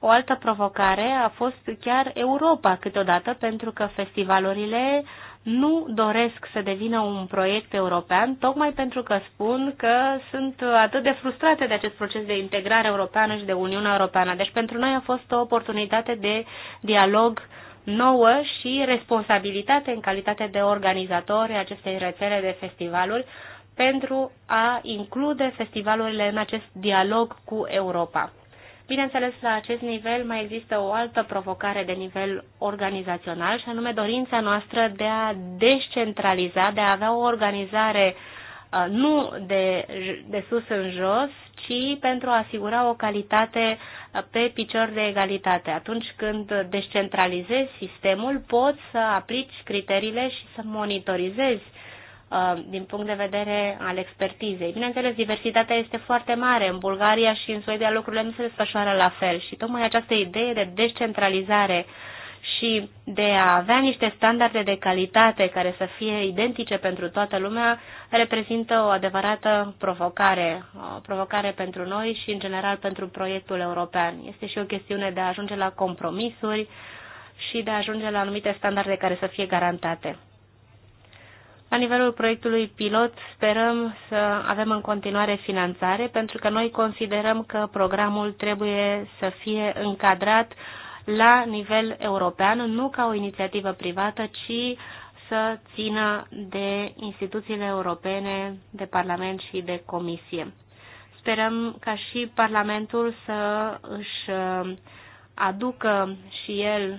[SPEAKER 3] O altă provocare a fost chiar Europa câteodată, pentru că festivalurile nu doresc să devină un proiect european, tocmai pentru că spun că sunt atât de frustrate de acest proces de integrare europeană și de Uniunea Europeană. Deci pentru noi a fost o oportunitate de dialog uh, nouă și responsabilitate în calitate de organizatori acestei rețele de festivaluri pentru a include festivalurile în acest dialog cu Europa. Bineînțeles, la acest nivel mai există o altă provocare de nivel organizațional și anume dorința noastră de a descentraliza, de a avea o organizare uh, nu de, de sus în jos, și pentru a asigura o calitate uh, pe picior de egalitate. Atunci când descentralizezi sistemul, poți să aplici criteriile și să monitorizezi uh, din punct de vedere al expertizei. Bineînțeles, diversitatea este foarte mare. În Bulgaria și în Suedia lucrurile nu se desfășoară la fel și tocmai această idee de descentralizare uh, și de a avea niște standarde de calitate care să fie identice pentru toată lumea reprezintă o adevărată provocare, o provocare pentru noi și în general pentru proiectul european. Este și o chestiune de a ajunge la compromisuri și de a ajunge la anumite standarde care să fie garantate. La nivelul proiectului pilot sperăm să avem în continuare finanțare pentru că noi considerăm că programul trebuie să fie încadrat la nivel european, nu ca o inițiativă privată, ci să țină de instituțiile europene, de Parlament și de Comisie. Sperăm ca și Parlamentul să își uh, aducă și el,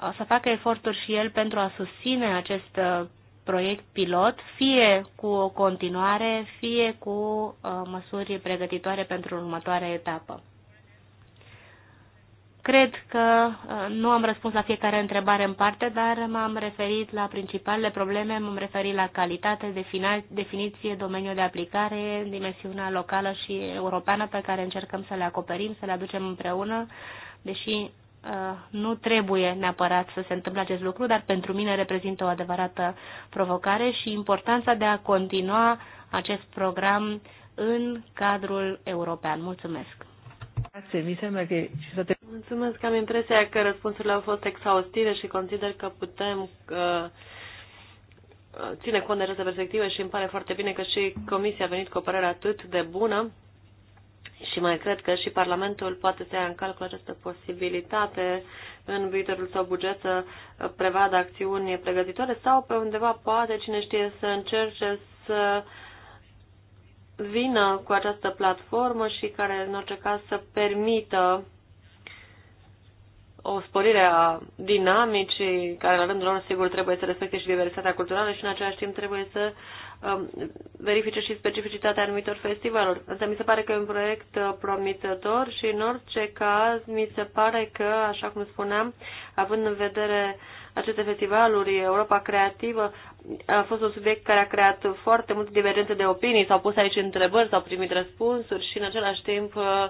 [SPEAKER 3] uh, să facă eforturi și el pentru a susține acest uh, proiect pilot, fie cu o continuare, fie cu măsuri pregătitoare pentru următoarea etapă. Cred că uh, nu am răspuns la fiecare întrebare în parte, dar m-am referit la principalele probleme, m-am referit la calitate, definiție, domeniul de aplicare, dimensiunea locală și europeană pe care încercăm să le acoperim, să le aducem împreună, deși uh, nu trebuie neapărat să se întâmple acest lucru, dar pentru mine reprezintă o adevărată provocare și importanța de a continua
[SPEAKER 2] acest program în cadrul european. Mulțumesc!
[SPEAKER 1] Mi sembra che ci state...
[SPEAKER 2] Mulțumesc că am impresia că răspunsurile au fost exhaustive și consider că putem uh, ține cont de aceste perspective și îmi pare foarte bine că și Comisia a venit cu o părere atât de bună și mai cred că și Parlamentul poate să ia în calcul această posibilitate în viitorul său buget să prevadă acțiuni pregătitoare sau pe undeva poate, cine știe, să încerce să uh, vină cu această platformă și care în orice caz să permită o sporire a dinamicii care la rândul lor sigur trebuie să respecte și diversitatea culturală și în același timp trebuie să um, verifice și specificitatea anumitor festivaluri. Însă mi se pare că e un proiect uh, promițător și în orice caz mi se pare că, așa cum spuneam, având în vedere uh, aceste festivaluri, Europa Creativă, a fost un subiect care a creat foarte multe divergențe de opinii, s-au pus aici întrebări, s-au primit răspunsuri și în același timp uh,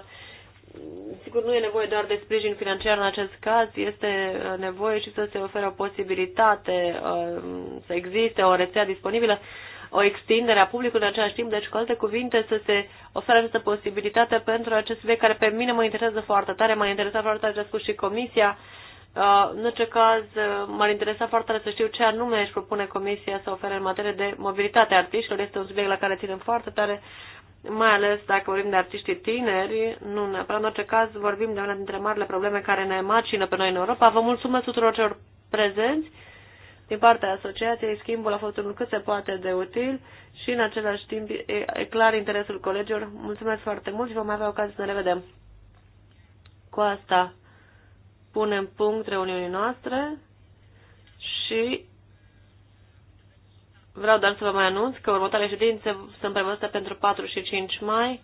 [SPEAKER 2] sigur nu e nevoie doar de sprijin financiar în acest caz, este uh, nevoie și să se ofere o posibilitate, uh, să existe o rețea disponibilă, o extindere a publicului în același timp, deci cu alte cuvinte să se ofere această posibilitate pentru acest subiect care pe mine mă interesează foarte tare, m-a interesat foarte tare ce a spus și comisia Uh, în orice caz, uh, m-ar interesa foarte tare să știu ce anume își propune Comisia să ofere în materie de mobilitate artiștilor. Este un subiect la care ținem foarte tare, mai ales dacă vorbim de artiștii tineri. Nu neapărat, în orice caz, vorbim de una dintre marile probleme care ne macină pe noi în Europa. Vă mulțumesc tuturor celor prezenți din partea asociației, schimbul a fost unul cât se poate de util și în același timp e, e clar interesul colegilor. Mulțumesc foarte mult și vom avea ocazia să ne revedem. Cu asta punem punct reuniunii noastre și vreau doar să vă mai anunț că următoarele ședințe sunt prevăzute pentru 4 și 5 mai,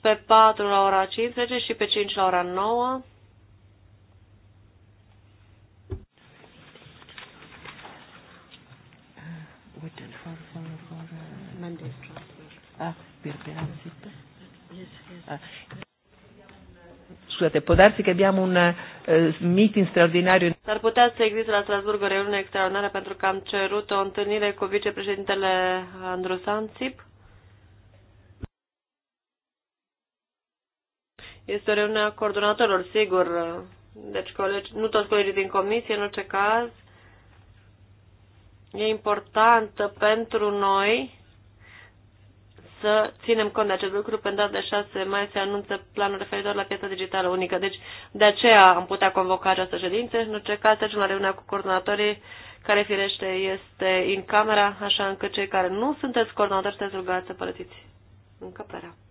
[SPEAKER 2] pe 4 la ora 15 și pe 5 la ora 9. Uh, Monday.
[SPEAKER 1] Ah, Birgit, Yes, yes. Ah, scuzate, può darsi che abbiamo un uh, meeting straordinario.
[SPEAKER 2] S-ar putea să existe la Strasburg o reuniune extraordinară pentru că am cerut o întâlnire cu vicepreședintele Andrusan Țip. Este o reuniune a coordonatorilor, sigur. Deci, colegi, nu toți colegii din comisie, în orice caz. E importantă pentru noi să ținem cont de acest lucru. Pe data de 6 mai se anunță planul referitor la piața digitală unică. Deci, de aceea am putea convoca această ședință. În orice caz, trecem la reuniunea cu coordonatorii, care firește este în camera, așa încât cei care nu sunteți coordonatori să rugați să părăsiți încăperea.